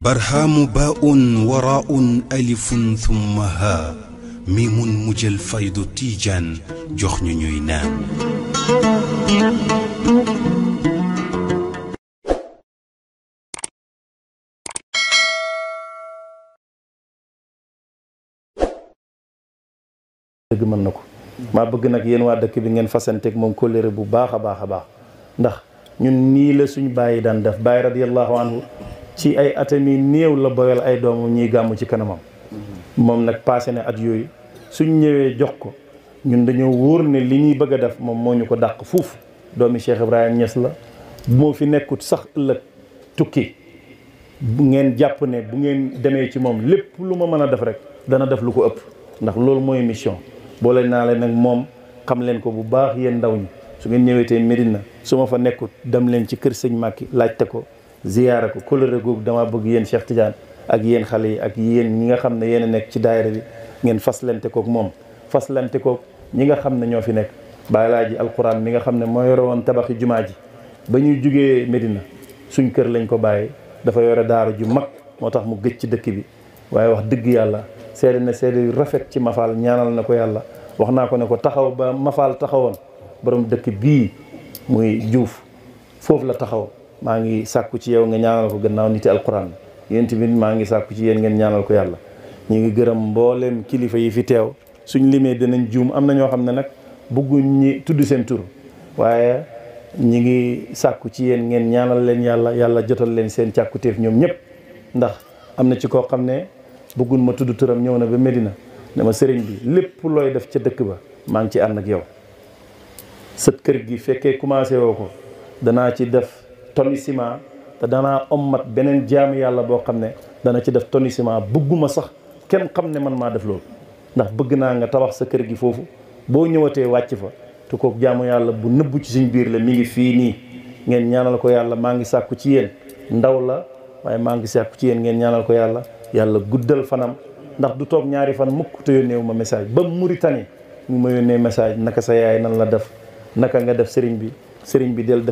barhaamu baaun waraaun alifun thumma haa mi mun mujjal faydu tiijaan jox ñu ñuy naan. dëgg na ko. maa bëgg nag yéen waa dëkk bi ngeen fasanteeg moom kóllëre bu baax a baax a baax ndax ñun nii la suñu bàyyi daan def bàyyi radiyallahu anhu ci ay atami néew la boyal ay doomam ñuy gàmmu ci kanamam moom nag passé na at yooyu suñ ñëwee jox ko ñun dañoo wóor ne li ñuy bëgg a def moom moo ñu ko dàq fuuf doomi Cheikh Ibrahima Niass la moo fi nekkut sax ëllëg tukki bu ngeen jàpp ne bu ngeen demee ci moom lépp lu ma mën a def rek dana def lu ko ëpp ndax loolu mooy mission boole naa leen nag moom xam leen ko bu baax yéen ndaw ñi su ngeen ñëwee tey Medina su ma fa nekkut dem leen ci kër sëñ Màkki laajte ko ziyaara ko kóllëre googu damaa bëgg yéen Cheikh Tidiane ak yéen xale yi ak yéen ñi nga xam ne yéen nekk ci daayira bi ngeen faslante kook moom faslante koog ñi nga xam ne ñoo fi nekk bàyilaa ji alquran bi nga xam ne moo yore woon tabaxi jumaa ji ba ñuy jugee Medina suñ kër lañ ko bàyyi dafa yore daara ju mag moo tax mu gëj ci dëkk bi waaye wax dëgg yàlla seede na seede yu rafet ci mafaal ñaanal na ko yàlla wax naa ko ne ko taxaw ba mafaal taxawoon boroom dëkk bii muy juuf foofu la taxaw maa ngi sàkku ci yow nga ñaanal ko gannaaw niti alquran yéen tamit maa ngi sàkku ci yéen ngeen ñaanal ko yàlla ñu ngi gërëm mbooleem kilifa yi fi teew suñ limee denañ juum am na ñoo xam ne nag bëgguñ ñi tudd seen tur waaye ñi ngi sàkku ci yéen ngeen ñaanal leen yàlla yàlla jotal leen seen càkkutéef ñoom ñëpp ndax am na ci koo xam ne bëggun ma tudd turam ñëw na ba Medina dama sëriñ bi lépp looy def ca dëkk ba maa ngi ci ànd ak yow sët kër gi fekkee commencé woo ko danaa ci def tonni ciment te danaa ommat beneen jaamu yàlla boo xam ne dana ci def tonni bëgguma sax kenn xam ne man maa def loolu ndax bëgg naa nga tabax sa kër gi foofu boo ñëwatee wàcc fa te kook jaamu yàlla bu nëbbu ci suñ biir la mi ngi fii nii ngeen ñaanal ko yàlla maa ngi sàkku ci yéen ndaw la waaye maa ngi sàkku ci yéen ngeen ñaanal ko yàlla yàlla guddal fanam ndax du toog ñaari fan mukk te yónnee wu ma message ba Mauritanie mu ma yónnee message naka sa yaay nan la def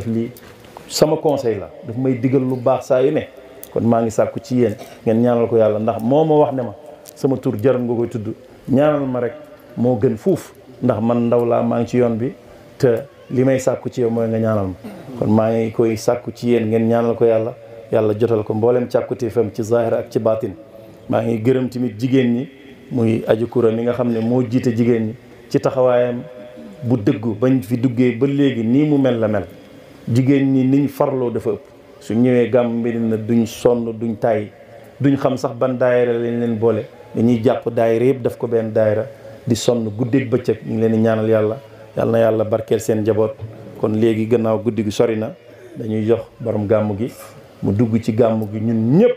bi sama conseil la daf may digal lu baax saa yu ne kon maa ngi sàkku ci yéen ngeen ñaanal ko yàlla ndax moo ma wax ne ma sama tur jaram nga koy tudd ñaanal ma rek moo gën fuuf ndax man ndaw laa maa ngi ci yoon bi te li may sàkku ci yow mooy nga ñaanal kon maa ngi koy sàkku ci yéen ngeen ñaanal ko yàlla yàlla jotal ko mbooleem càkkuteefam ci zahir ak ci baatin maa ngi gërëm tamit jigéen ñi muy aji kura mi nga xam ne moo jiite jigéen ñi ci taxawaayam bu dëggu bañ fi duggee ba léegi nii mu mel la mel jigéen ñi niñ farloo dafa ëpp su ñëwee gàmm Medina duñ sonn duñ tàyyi duñ xam sax ban daayira lañ leen boole dañuy jàpp daayira yëpp daf ko benn daayira di sonn guddeeg bëccëg ñu ngi leen di ñaanal yàlla yàlla na yàlla barkeel seen njaboot kon léegi gannaaw guddi gi sori na dañuy jox boroom gàmmu gi mu dugg ci gàmm gi ñun ñëpp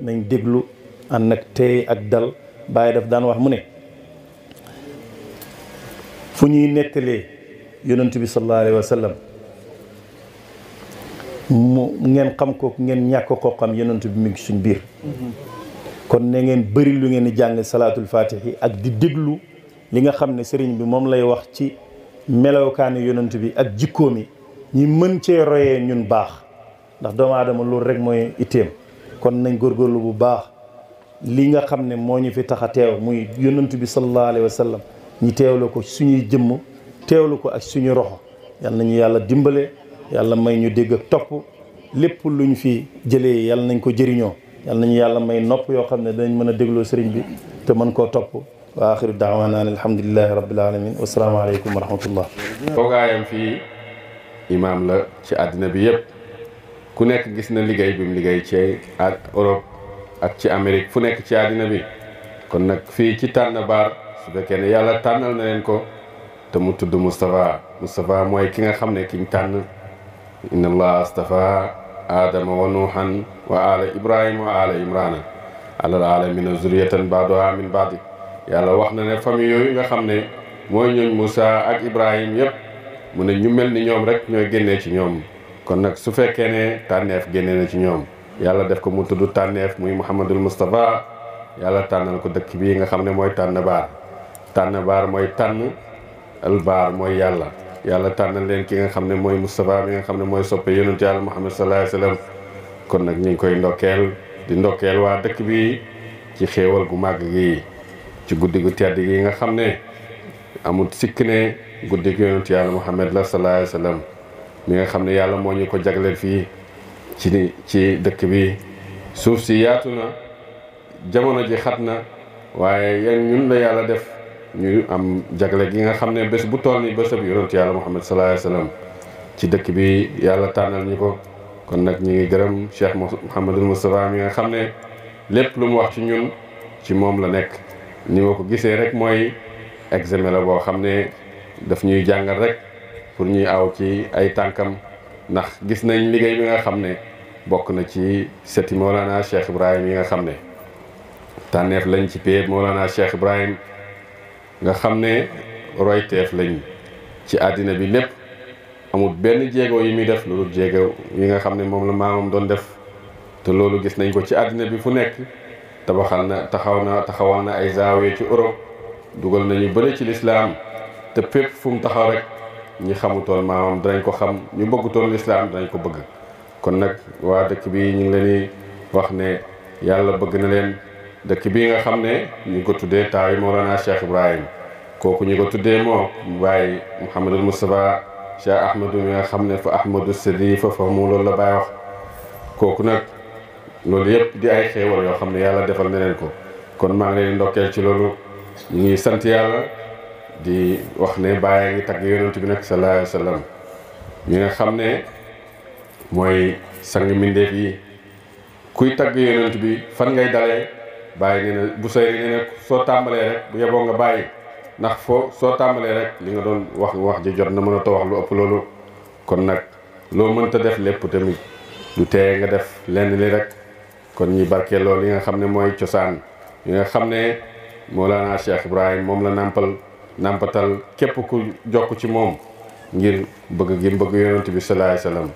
nañ déglu ànd ak teey ak dal Baye daf daan wax mu ne fu ñuy nettalee yonent bi sallallahu alayhi wa mu ngeen xam ko ngeen ñàkk ko xam yonent bi mu ngi suñ biir kon na ngeen bëri lu ngeen di jàng salaatul faatihi ak di déglu li nga xam ne sëriñ bi moom lay wax ci melowkaani yonent bi ak jikkoom yi ñi mën cee royee ñun baax ndax doomu aadama loolu rek mooy itteem kon nañ góor góorlu bu baax li nga xam ne moo ñu fi tax a teew muy yonent bi sallallahu alayhi sallam ñi teewlu ko suñuy jëmm teewlu ko ak suñu roxo yal nañu yàlla dimbale yàlla may ñu dégg ak top lépp luñ fi jëlé yàlla nañ ko jëriño yàlla nañ yàlla may nopp yo xamne dañ mëna dégglo sëriñ bi te mën ko top wa axiru da'wana an rabbil alamin wa assalamu alaykum wa rahmatullah ko toogaayam fi imam la ci adina bi yëpp ku nekk gis na liggéey bi mu liggéey ci ak Europe ak ci Amérique fu nekk ci adina bi kon nak fi ci tànn baar su fekkee ne yàlla tànnal na leen ko te mu tudd Moustapha Moustapha mooy ki nga xam ne kiñ tànn إن الله اصطفى آدم ونوحا وآل إبراهيم وآل إمران على العالمين ذرية بعدها من بعد yàlla wax na ne famille yooyu nga xam ne mooy ñooñ Moussa ak Ibrahim yëpp mu ne ñu mel ni ñoom rek ñooy génnee ci ñoom kon nag su fekkee ne tànneef génnee na ci ñoom yàlla def ko mu tudd tànneef muy Mouhamadul Moustapha yàlla tànnal ko dëkk bii nga xam ne mooy tànn baar tànn baar mooy tànn al baar mooy yàlla yàlla tànnal leen ki nga xam ne mooy Moustapha mi nga xam ne mooy soppe yonent yàlla Muhammad sallallahu alayhi wa sallam kon nag ñu ngi koy ndokkeel di ndokkeel waa dëkk bi ci xéewal gu màgg gi ci guddi gu tedd gi nga xam ne amut sikk ne guddi gu yonent yàlla Muhammad la sallallahu alayhi wa sallam mi nga xam ne yàlla moo ñu ko jagleel fii ci ci dëkk bi suuf si yaatu na jamono ji xat na waaye yan ñun la yàlla def ñu am jagle gi nga xam ne bés bu toll nii bésab yonent yàlla Muhammad sallallahu alayhi wasallam ci dëkk bi yàlla tànnal ñu ko kon nag ñu ngi gërëm Cheikh Mouhamadul Moustapha mi nga xam ne lépp lu mu wax ci ñun ci moom la nekk ni ma ko gisee rek mooy examen boo xam ne daf ñuy jàngal rek pour ñuy aw ci ay tànkam ndax gis nañ liggéey mi nga xam ne bokk na ci seti Mawlana Cheikh Ibrahim yi nga xam ne tànneef lañ ci pee Mawlana Cheikh Ibrahim nga xam ne royteef lañ ci àddina bi lépp amul benn jéego yi muy def loolu jéego yi nga xam ne moom la maamam doon def te loolu gis nañ ko ci àddina bi fu nekk tabaxal na taxaw na taxawal na ay zaawiya ci oro dugal nañu bëri ci lislaam te fépp fu mu taxaw rek ñi xamutoon maamam danañ ko xam ñu bëggutoon lislaam danañ ko bëgg kon nag waa dëkk bi ñu ngi leen wax ne yàlla bëgg na leen dëkk bii nga xam ne ñu ko tuddee taawi Mawlana Cheikh Ibrahim kooku ñu ko tuddee moo bàyyi Mouhamadul Moustapha Cheikh Ahmadou mi nga xam ne fa Ahmadou Sadi fa fa mu loolu la bàyyi wax kooku nag loolu yëpp di ay xéewal yoo xam ne yàlla defal na ko kon maa ngi leen ndokkeel ci loolu ñu ngi sant di wax ne bàyyi ngi tagg yonent bi nag sallallahu alayhi wa sallam mi nga xam ne mooy sang mbindeef yi kuy tagg yonent bi fan ngay dalee bàyyi nee na bu sooy nee na soo tàmbalee rek bu yeboo nga bàyyi ndax foo soo tàmbalee rek li nga doon wax wax ji jot na mën a wax lu ëpp loolu kon nag lo mënta def lépp tamit lu tee nga def lenn li rek kon ñi barke loolu li nga xam ne mooy cosaan li nga xam ne Mawlana Cheikh Ibrahim moom la nàmpal nàmpatal képp ku jokk ci mom ngir bëgg gi bëgg yonent bi salaay salaam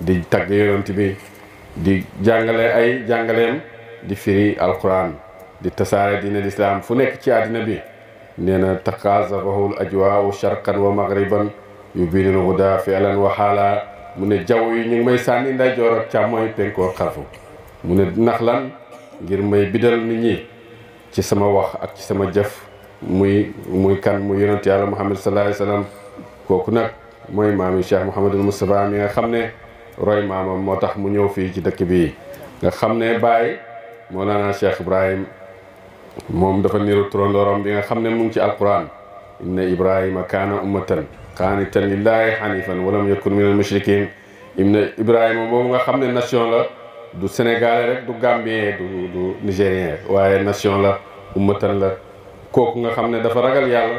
di tagg yonent bi di jàngale ay jàngaleem di firi alquran di tasaare diine lislaam fu nekk ci àddina bi nee na taqaazabahu ajwaaw sharqan wa maghriban yubinul huda fi'lan wa xaala mu ne jaww yi ñu ngi may sànni ndeyjoor ak càmmooñ penkoor xarfu mu ne nax lan ngir may bidal nit ñi ci sama wax ak ci sama jëf muy muy kan muy yonent yàlla muhammad sallallahu alayhi wasallam kooku nag mooy maami cheikh muhammadul am mi nga xam ne roy maamam moo tax mu ñëw fii ci dëkk bi nga xam ne bàyyi مولانا الشيخ ابراهيم موم دا فا نيرو ترون دورام ديغا خامني مونغ سي القران ان ابراهيم كان امه قانتا لله حنيفا ولم يكن من المشركين ابن ابراهيم موغا خامني ناسيون لا دو سنغال ريك دو غامبي دو دو نيجيريان واي ناسيون لا امه لا كوكوغا خامني دا فا راغال يالا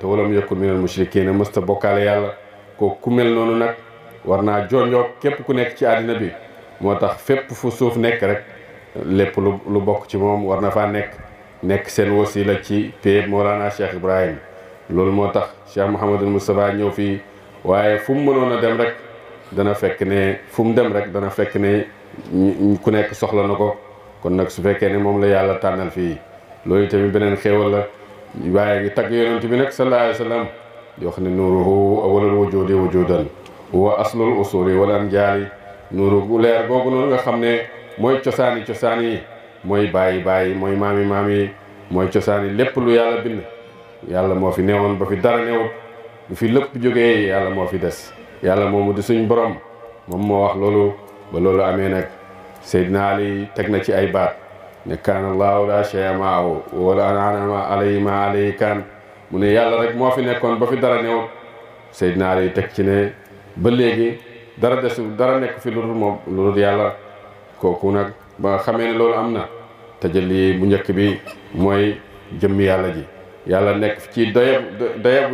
تو ولم يكن من المشركين مست بوكال يالا كو كوميل نونو نا ورنا جونيو كيب كو نيك سي ادنا بي موتاخ فيب فو lépp lu lu bokk ci moom war na faa nekk nekk seen wasila ci pee Mawlana Cheikh Ibrahim loolu moo tax Cheikh Mouhamadul Moustapha ñëw fii waaye fu mu mënoon a dem rek dana fekk ne fu mu dem rek dana fekk ne ku nekk soxla na ko kon nag su fekkee ne moom la yàlla tànnal fii loolu tamit beneen xéewal la waaye ngi tagg yonent bi nag sallallahu alayhi wa sallam di wax ne nuuruhu awalul wujudi wujudan wa aslul usuli wal anjaali nuuru leer googu noonu mooy cosaani cosaan yi mooy bàyyi bàyyi mooy maami maami yi mooy cosaan yi lépp lu yàlla bind yàlla moo fi newoon ba fi dara newut bu fi lépp jógee yàlla moo fi des yàlla moomu di suñ borom moom moo wax loolu ba loolu amee nag Seydina Ali teg na ci ay baat ne kaan allahu la shay'a ma'ahu wala anama alayhi ma alayhi kaan mu ne yàlla rek moo fi nekkoon ba fi dara newut Seydina Ali teg ci ne ba léegi dara desul dara nekk fi lu dul moom lu dul yàlla kooku nag ba xamee ne loolu am na te tajalli bu njëkk bi mooy jëmm yàlla ji yàlla nekk ci doyab doyab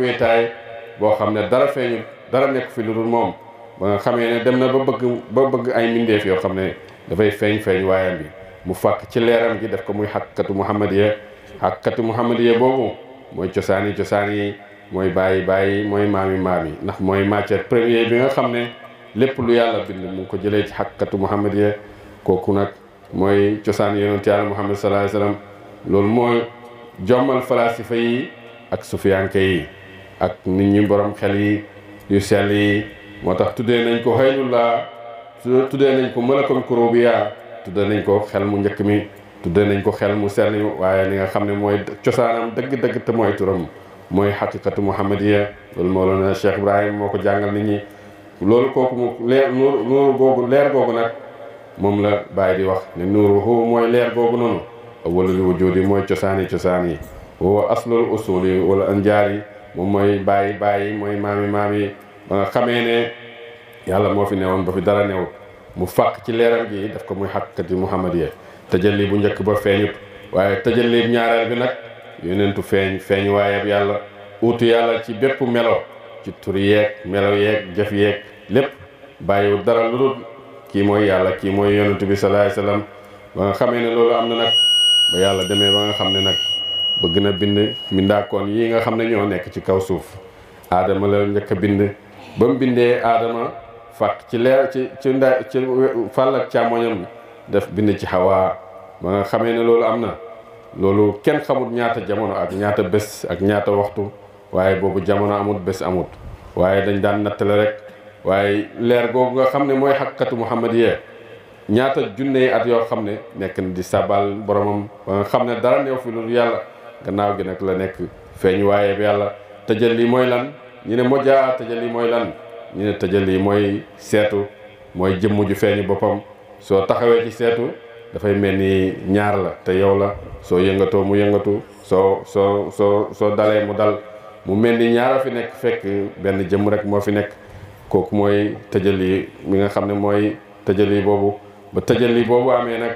boo xam ne dara feeñu dara nekk fi lu dul moom ba nga xamee ne dem na ba bëgg ba bëgg ay mbindeef yoo xam ne dafay feeñ feeñ waayam bi mu fàkk ci leeram gi def ko muy xàkkatu muhammadiya xàkkatu muhammadiya boobu mooy cosaan yi cosaan yi mooy bàyyi bàyyi mooy maami maami ndax mooy matière première bi nga xam ne lépp lu yàlla bind mu ko jëlee ci xàkkatu muhammadiya kooku nag mooy cosaan yonent yàlla muhammad sallallahu alayhi wasallam loolu mooy jommal falasifa yi ak sufiyanke yi ak nit ñi borom xel yi yu sell yi moo tax tuddee nañ ko xëynulaa tuddee nañ ko malakul kurubiya tuddee nañ ko xel mu njëkk mi tuddee nañ ko xel mu sell waaye li nga xam ne mooy cosaanam dëgg-dëgg te mooy turam mooy xaqiqatu muhammadiya loolu Mawlana Cheikh Ibrahim moo ko jàngal nit ñi loolu kooku mu leer nuur googu leer googu nag mom la baye di wax ne nuuruhu moy leer googu noonu awalul wujudi moy ciosani ciosani yi wa aslul usuli wal anjari mom moy baye baye moy mami mami ba nga xamé ne yàlla mo fi néwon ba fi dara néw mu fàq ci leeram gi daf ko moy hakati muhammadiyya tajalli bu ñëk ba feñu waye tajalli ñaaral bi nak yonentu feñ feñ waye ab yàlla utu yàlla ci bépp melo ci tur yeeg melo yek jëf yek lépp bàyyiwul dara lu dul kii mooy yàlla kii mooy yonent bi salaay salaam ba nga xamee ne loolu am na nag ba yàlla demee ba nga xam ne nag bëgg na bind mbindaakoon yi nga xam ne ñoo nekk ci kaw suuf aadama la njëkk a bind ba mu bindee aadama fàq ci leer ci ci nda ci fàll ak càmmoñam def bind ci xawaa ba nga xamee ne loolu am na loolu kenn xamut ñaata jamono ak ñaata bés ak ñaata waxtu waaye boobu jamono amut bés amut waaye dañ daan nattale rek waaye leer googu nga xam ne mooy xakkatu muhammad yee ñaata junne yi at yoo xam ne nekk na di sabal boromam ba nga xam ne dara neew fi lu yàlla gannaaw gi nag la nekk feeñ waaye yàlla tajalli mooy lan ñu ne mojjaa tajalli mooy lan ñu ne tajalli mooy seetu mooy jëmm ju feeñu boppam soo taxawee ci seetu dafay mel ni ñaar la te yow la soo yëngatoo mu yëngatu soo soo soo soo dalee mu dal mu mel ni ñaar fi nekk fekk benn jëmm rek moo fi nekk kooku mooy tëjali bi nga xam ne mooy tëjali boobu ba tëjali boobu amee nag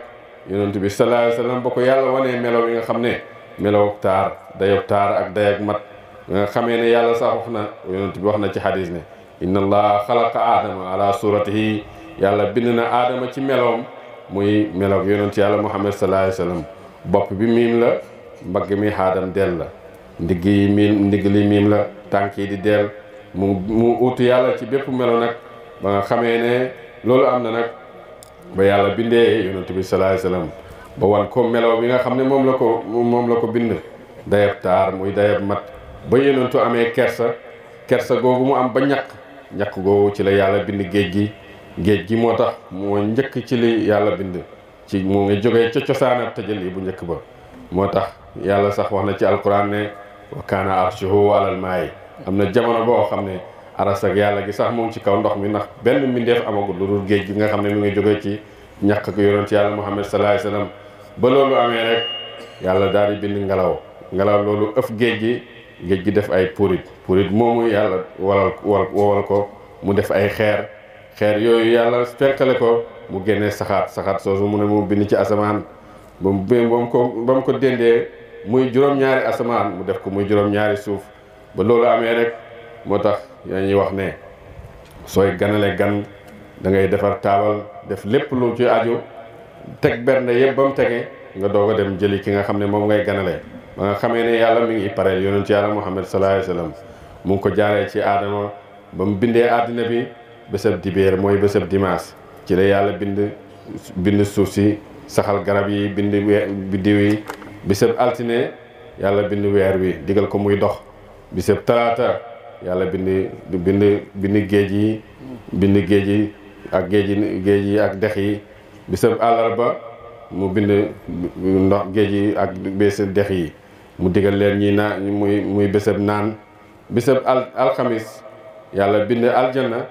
yonent bi sallallahu alayhi wasallam ba ko yàlla wanee melow yi nga xam ne melow taar dayob taar ak day ak mat nga xamee ne yàlla sax wax na yonent bi wax na ci xadis ne inna allah xalaqa aadama ala suratihi yàlla bind na aadama ci meloom muy melow yonent yàlla muhammad sallallahu alayhi wasallam bopp bi miim la mbagg mi xaadam del la ndigg yi miim ndigg li miim la tànk yi di del mu mu uutu yàlla ci bépp melo nag ba nga xamee ne loolu am na nag ba yàlla bindee yonent bi salaay salaam ba wan ko melo bi nga xam ne moom la ko moom la ko bind dayab taar muy dayab mat ba yonentu amee kersa kersa googu mu am ba ñaq ñaq googu ci la yàlla bind géej gi géej gi moo tax moo njëkk ci li yàlla bind ci moo ngi jógee ca cosaanab tëjal yi bu njëkk ba moo tax yàlla sax wax na ci alquran ne wa kaana arshuhu alal maayi am na jamono boo xam ne aras yàlla gi sax moom ci kaw ndox mi ndax benn mbindeef amagul lu dul géej gi nga xam ne mu ngi jóge ci ñàkk ak yonent yàlla muhammad salaay salaam ba loolu amee rek yàlla daal di bind ngelaw ngelaw loolu ëf géej gi géej gi def ay purit purit moomu yàlla walal wowal ko mu def ay xeer xeer yooyu yàlla fenkale ko mu génnee saxaat saxaat soosu mu ne mu bind ci asamaan ba mu ba mu ko ba ko déndee muy juróom-ñaari asamaan mu def ko muy juróom-ñaari suuf ba loolu amee rek moo tax yaa ñuy wax ne sooy ganale gan da ngay defar taabal def lépp lu ci ajo teg bernde yëpp ba mu tege nga doog a dem jëli ki nga xam ne moom ngay ganale ba nga xamee ne yàlla mi ngi pareel yonent yàlla muhammad sallallahu alayhi wasallam mu ngi ko jaaree ci aadama ba mu bindee àddina bi bésab dibéer mooy bésab dimaas ci la yàlla bind bind suuf si saxal garab yi bind biddiw yi bésab altine yàlla bind weer wi digal ko muy dox bisab talaata yàlla bind bind bindi géej yi bind géej yi ak géej yi géej yi ak dex yi bisab àllarba mu bind ndox géej yi ak bés dex yi mu digal leen ñi naan muy muy bésab naan bésab al alxamis yàlla bind aljanna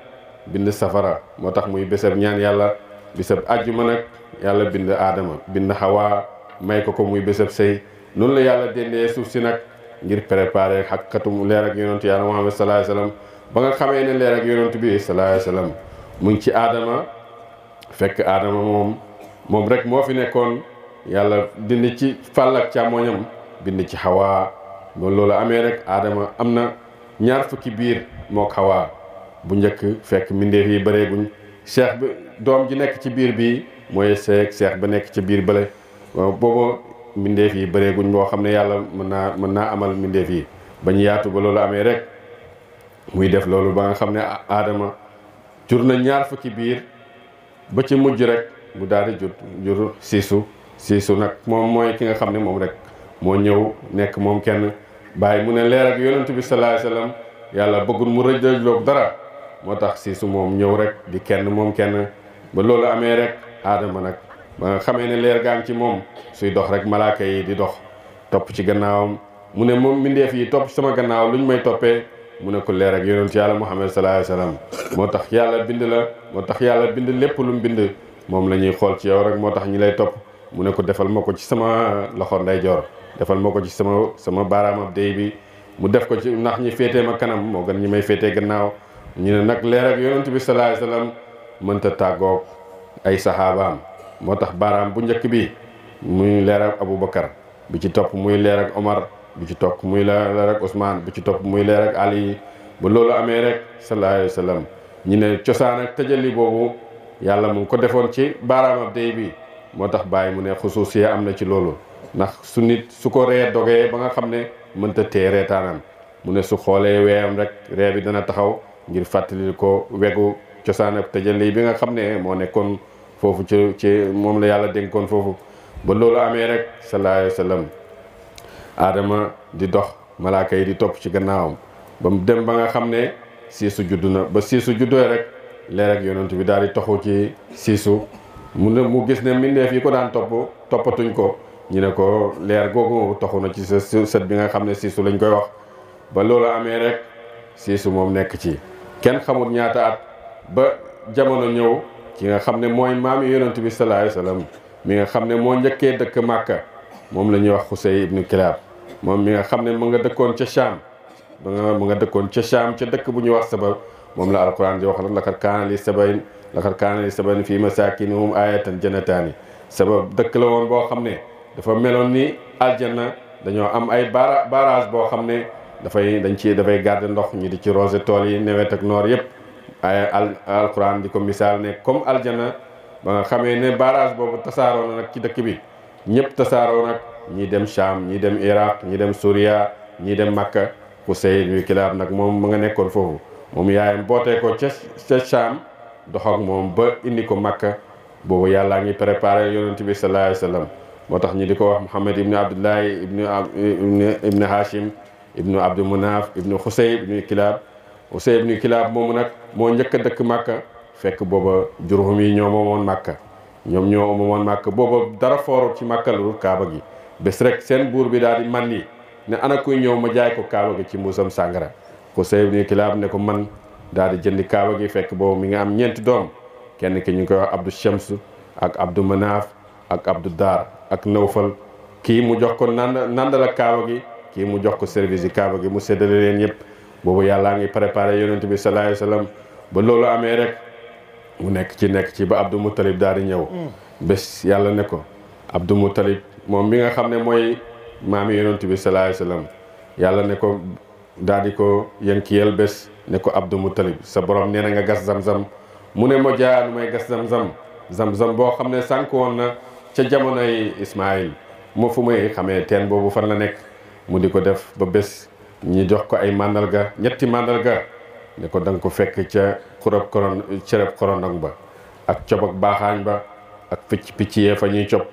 bind safara moo tax muy bésab ñaan yàlla bésab ajjuma nag yàlla bind aadama bind xawaa may ko ko muy bésab sëy noonu la yàlla dendee suuf si nag ngir préparer xàkkatum leer ak yonent yàlla Muhammad sallallahu alayhi wasallam ba nga xamee ne leer ak yonent bi sallallahu alayhi wasallam mu ngi ci aadama fekk aadama moom moom rek moo fi nekkoon yàlla dindi ci fàll ak càmmoñam bind ci xawaa loolu amee rek aadama am na ñaar fukki biir moo xawaa bu njëkk fekk mbindeef yi bëreeguñ seex bi doom ji nekk ci biir bi mooy seeg seex ba nekk ci biir bële boobu mbindeef yi bëreeguñ boo xam ne yàlla mën naa mën naa amal mbindeef yi ba ñu yaatu ba loolu amee rek muy def loolu ba nga xam ne aadama jur na ñaar fukki biir ba ci mujj rek mu daal di jur jur siisu siisu nag moom mooy ki nga xam ne moom rek moo ñëw nekk moom kenn bàyyi mu ne leer ak yonent bi sallallahu alayhi wasallam yàlla bëggul mu rëj rëjloog dara moo tax siisu moom ñëw rek di kenn moom kenn ba loolu amee rek aadama nag ba nga xamee ne leer gaa ngi ci moom suy dox rek malaaka yi di dox topp ci gannaawam mu ne moom mbindeef yi topp sama gannaaw lu ñu may toppee mu ne ko leer ak yonent yàlla muhammad sallallahu alayhi wasallam moo tax yàlla bind la moo tax yàlla bind lépp lu mu moom la ñuy xool ci yow rek moo tax ñi lay topp mu ne ko defal ma ko ci sama loxo ndeyjoor defal ma ko ci sama sama baaraam ab bi mu def ko ci ndax ñi féetee ma kanam moo gën ñi may féetee gannaaw ñu ne nag leer ak bi sallallahu alayhi wasallam mënta tàggoog ay saxaabaam moo tax baaraam bu njëkk bi muy leer abu Aboubacar bu ci topp muy leer ak Omar bu ci topp muy leer ak Ousmane ci topp muy leer ak Ali ba loolu amee rek sallallahu alayhi wa ñu ne cosaan ak tëjali boobu yàlla mu ngi ko defoon ci baaraam ab day bi moo tax bàyyi mu ne xusuusiya am na ci loolu ndax su nit su ko ree dogee ba nga xam ne mënta tee reetaanam mu ne su xoolee weeyam rek ree bi dana taxaw ngir fàttali ko wegu cosaan ak tëjali bi nga xam ne moo nekkoon foofu ci ci moom la yàlla koon foofu ba loolu amee rek sallallahu alayhi aadama di dox malaaka yi di topp ci gannaawam ba mu ba nga xam ne siisu juddu ba siisu juddoo rek leer ak yonent bi daal di toxu ci siisu mu ne mu gis ne mbindeef yi ko daan topp toppatuñ ko ñu ne ko leer googu na ci sa sët bi nga xam ne siisu lañ koy wax ba loolu amee rek siisu moom nekk ci kenn xamul ñaata at ba jamono ñëw ci nga xam ne mooy maami yonent bi sallallahu alayhi wasallam mi nga xam ne moo njëkkee dëkk Màkka moom la ñuy wax Xusey ibnu Kilaab moom mi nga xam ne mu nga dëkkoon ca Shaam mu nga dëkkoon ca Shaam ca dëkk bu ñuy wax Saba moom la alquran di wax nag laqad kaana li sabayin laqad kaana li sabayin fii masaakinihum ayatan jannataani Saba dëkk la woon boo xam ne dafa meloon ni na dañoo am ay bara boo xam ne dafay dañ ci dafay garder ndox ñu di ci rosé tool yi nawet ak noor yëpp waaye al alquran di ko misaal ne comme aljana ba nga xamee ne barrage boobu tasaaroo na nag ci dëkk bi ñëpp tasaaroo nag ñi dem Sham ñi dem Iraq ñi dem Suria ñi dem Makka Kusayn wi kilaab nag moom mu nga nekkoon foofu moom yaayam bootee ko ca ca Sham dox ak moom ba indi ko Makka boobu yàllaa ngi préparé yonent bi sallallahu alayhi wa sallam moo tax ñu di ko wax Muhammad ibnu Abdullahi ibnu ibnu Hashim ibnu Abdu Munaf ibnu Xusay ibnu Kilaab Xusay ibnu Kilaab moomu nag moo njëkk a dëkk màkka fekk booba Jurhum yi ñoo moomoon màkka ñoom ñoo moomoon màkka booba dara foorul ci màkka lu kaaba gi bés rek seen buur bi daal di man yi ne ana kuy ñëw ma jaay ko kaaba gi ci muusam sàngara Qusay ibn Kilaab ne ko man daal di jëndi kaaba gi fekk boobu mi nga am ñeenti doom kenn ki ñu koy wax Abdou Shams ak Abdou Manaaf ak Abdou Dar ak Nawfal kii mu jox ko nand nandal ak kaaba gi kii mu jox ko service yi kaaba gi mu seddalee leen yëpp boobu yàllaa ngi préparé yonent bi sallallahu alayhi wa ba loolu amee rek mu nekk ci nekk ci ba Abdou Moutalib daal di ñëw. bés yàlla ne ko Abdou Moutalib moom mi nga xam ne mooy maami yonent bi salaay yàlla ne ko daal di ko yënkiyal bés ne ko Abdou Moutalib sa borom nee na nga gas zam-zam mu ne ma jaayaanu may gas zam-zam zam-zam boo xam ne sànq woon na ca jamonoy Ismaayil moo fu may xamee teen boobu far la nekk mu di ko def ba bés ñi jox ko ay màndarga ñetti màndarga. ni ko danga ko fekk ca xurab koron cereb korondong ba ak cob ak baaxaañ ba ak picc picc yee fa ñuy cob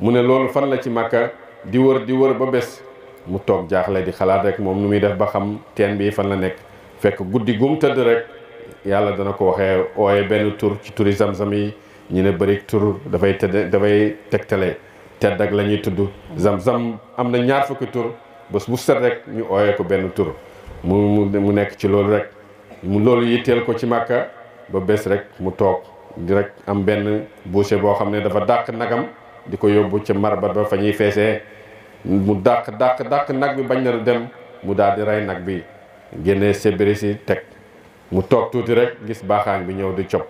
mu ne loolu fan la ci màkka di wër di wër ba bés mu toog jaaxle di xalaat rek moom nu muy def ba xam teen bii fan la nekk fekk guddi gum tëdd rek yàlla dana ko waxee ooye benn tur ci turi zam-zam yi ñu ne bëri tur dafay tëdd dafay tegtale tedd ak la ñuy tudd zam-zam am na ñaar fukki tur bés bu set rek ñu ooyee ko benn tur mu mu nekk ci loolu rek mu loolu yitteel ko ci mutok ba bés rek mu toog di rek am benn boucher bo xam ne dafa dak nagam di ko yóbbu ca ba fa ñuy mu dàq dàq nag bi bañ na dem mu daal di rey nag bi génnee sébéri tek mu toog rek gis baaxaan bi ñëw di cop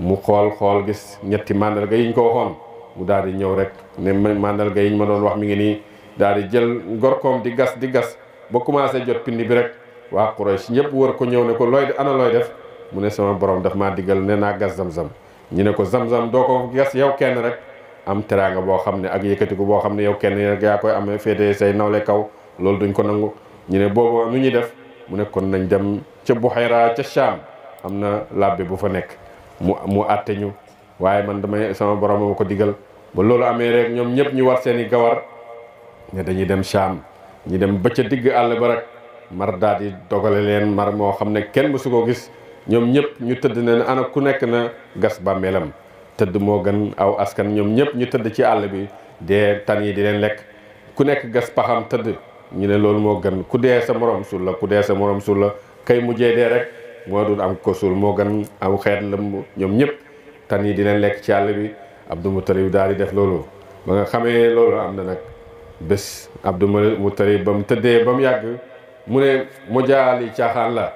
mu xool gis ñetti mandarga yiñ ko waxoon mu di ñëw rek ne mandarga yiñ ma doon wax mi ngi nii daal di jël ngorkoom di gas di gas ba commencé jot pindi bi rek waa Quraysh ñëpp war ko ñëw ne ko looy ana looy def mu ne sama borom daf maa diggal ne naa gas zam sam ñu ne ko zam-zam doo ko gas yow kenn rek am teraanga boo xam ne ak yëkkatiku boo xam ne yow kenn rek yaa koy amee féete say nawle kaw loolu duñ ko nangu ñu ne boobu nu ñuy def mu ne kon nañ dem ca Buxayra ca Sham am na làbbi bu fa nekk mu mu àtte ñu waaye man damay sama borom ma ko digal ba loolu amee rek ñoom ñëpp ñu war seen i gawar ne dañuy dem Sham ñu dem ba ca digg àll ba mar daal di dogale leen mar moo xam ne kenn su koo gis ñoom ñëpp ñu tëdd ne ana ku nekk na gas bàmmeelam tëdd moo gën aw askan ñoom ñëpp ñu tëdd ci àll bi dee tan yi di leen lekk ku nekk gas paxam tëdd ñu ne loolu moo gën ku dee sa morom suul la ku dee sa morom suul la kay mujjee dee rek moo dul am ko suul moo gën aw xeet la ñoom ñëpp tan yi di leen lekk ci àll bi ab Abdou Moutalib daal di def loolu ba nga xamee loolu am na nag bés Abdou Moutalib ba mu tëddee ba mu yàgg mu ne mu jaali caaxaan la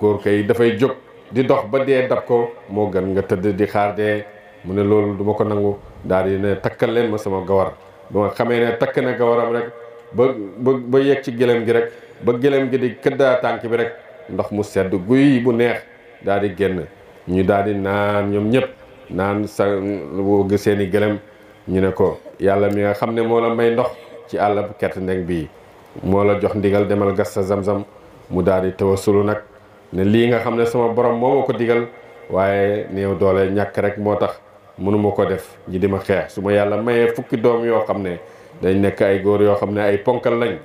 góor kay dafay jóg di dox ba dee dab ko moo gën nga tëdd di xaar dee mu ne loolu du ma ko nangu daal di ne takkal leen ma sama gawar ba nga xamee ne takk na gawaram rek ba ba ba yegg ci gëlëm gi rek ba gëlëm gi di këddaa tànk bi rek ndox mu sedd guy bu neex daal di génn ñu daal di naan ñoom ñëpp naan sa ñu ne ko yàlla mi nga xam ne moo la may ndox ci àll bu ndeng bii moo la jox ndigal demal gas sa zam-zam mu daal di tawasulu nag ne lii nga xam ne sama borom moo ma ko digal waaye néew doole ñàkk rek moo tax mënuma ko def ñu di ma xeex su ma yàlla mayee fukki doom yoo xam ne dañ nekk ay góor yoo xam ne ay ponkal lañ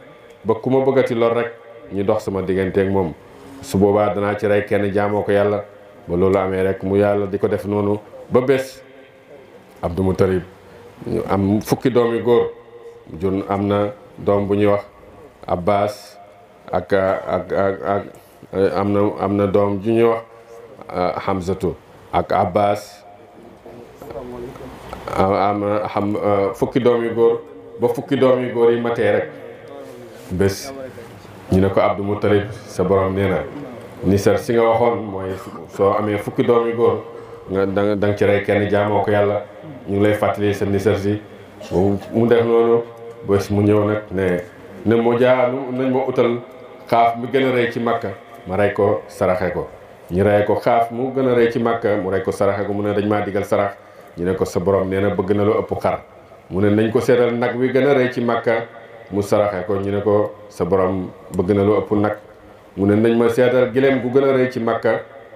ba ku ma bëggati loolu rek ñu dox sama digganteeg moom su boobaa danaa ci rey kenn jaamoo ko yàlla ba loolu amee rek mu yàlla di ko def noonu ba bés Abdou Moutalib am fukki doom yu góor jun am na doom bu ñuy wax Abbas ak ak ak ak eh, am na am na doom ju ñuy wax eh, Hamzatu ak Abbas am xam eh, fukki doom yu góor ba fukki doom yu góor yi matee rek bés ñu ne ko Abdou Moutalib sa borom nee na ni si nga waxoon mooy soo amee fukki doom yu góor nga da nga ci rey kenn jaamoo ko yàlla ñu ngi lay fàttali sa nisar si mu def noonu bés mu ñëw nag ne ne ma jaalu nañ ma utal xaaf mi gën a rey ci màkka ma rey ko saraxe ko ñu rey ko xaaf mu gën a rey ci màkka mu rey ko saraxe mu ne dañ maa digal sarax ñu ne ko sa borom nee na bëgg na lu ëpp xar mu ne nañ ko seetal nag wi gën a ci màkka mu saraxe ko ñu ne ko sa borom bëgg na lu ëpp nag mu ne nañ ma seetal gileem gu gën a rey ci màkka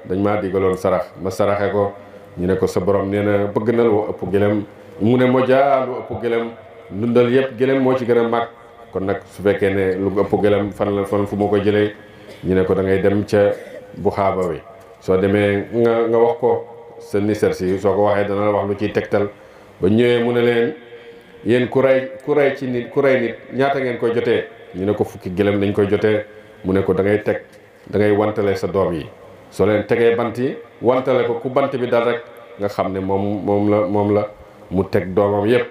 dañ maa digaloon sarax ma saraxe ko ñu ne ko sa borom nee na bëgg na lu ëpp gileem mu ne ma jaa lu ëpp gileem ndundal yëpp gileem moo ci gën a màgg kon nag su fekkee ne lu ëpp gëlam fan la fan fu moo ko jëlee ñu ne ko da ngay dem ca bu xaaba wi soo demee nga nga wax ko sa nisar si soo ko waxee dana la wax lu ciy tegtal ba ñëwee mu ne leen yéen ku ray ku ray ci nit ku ray nit ñaata ngeen koy jotee ñu ne ko fukki dañ koy mu ne ko da ngay da ngay sa doom yi leen tegee banti yi ko ku bant bi dal rek nga xam ne moom moom la moom la mu teg doomam yépp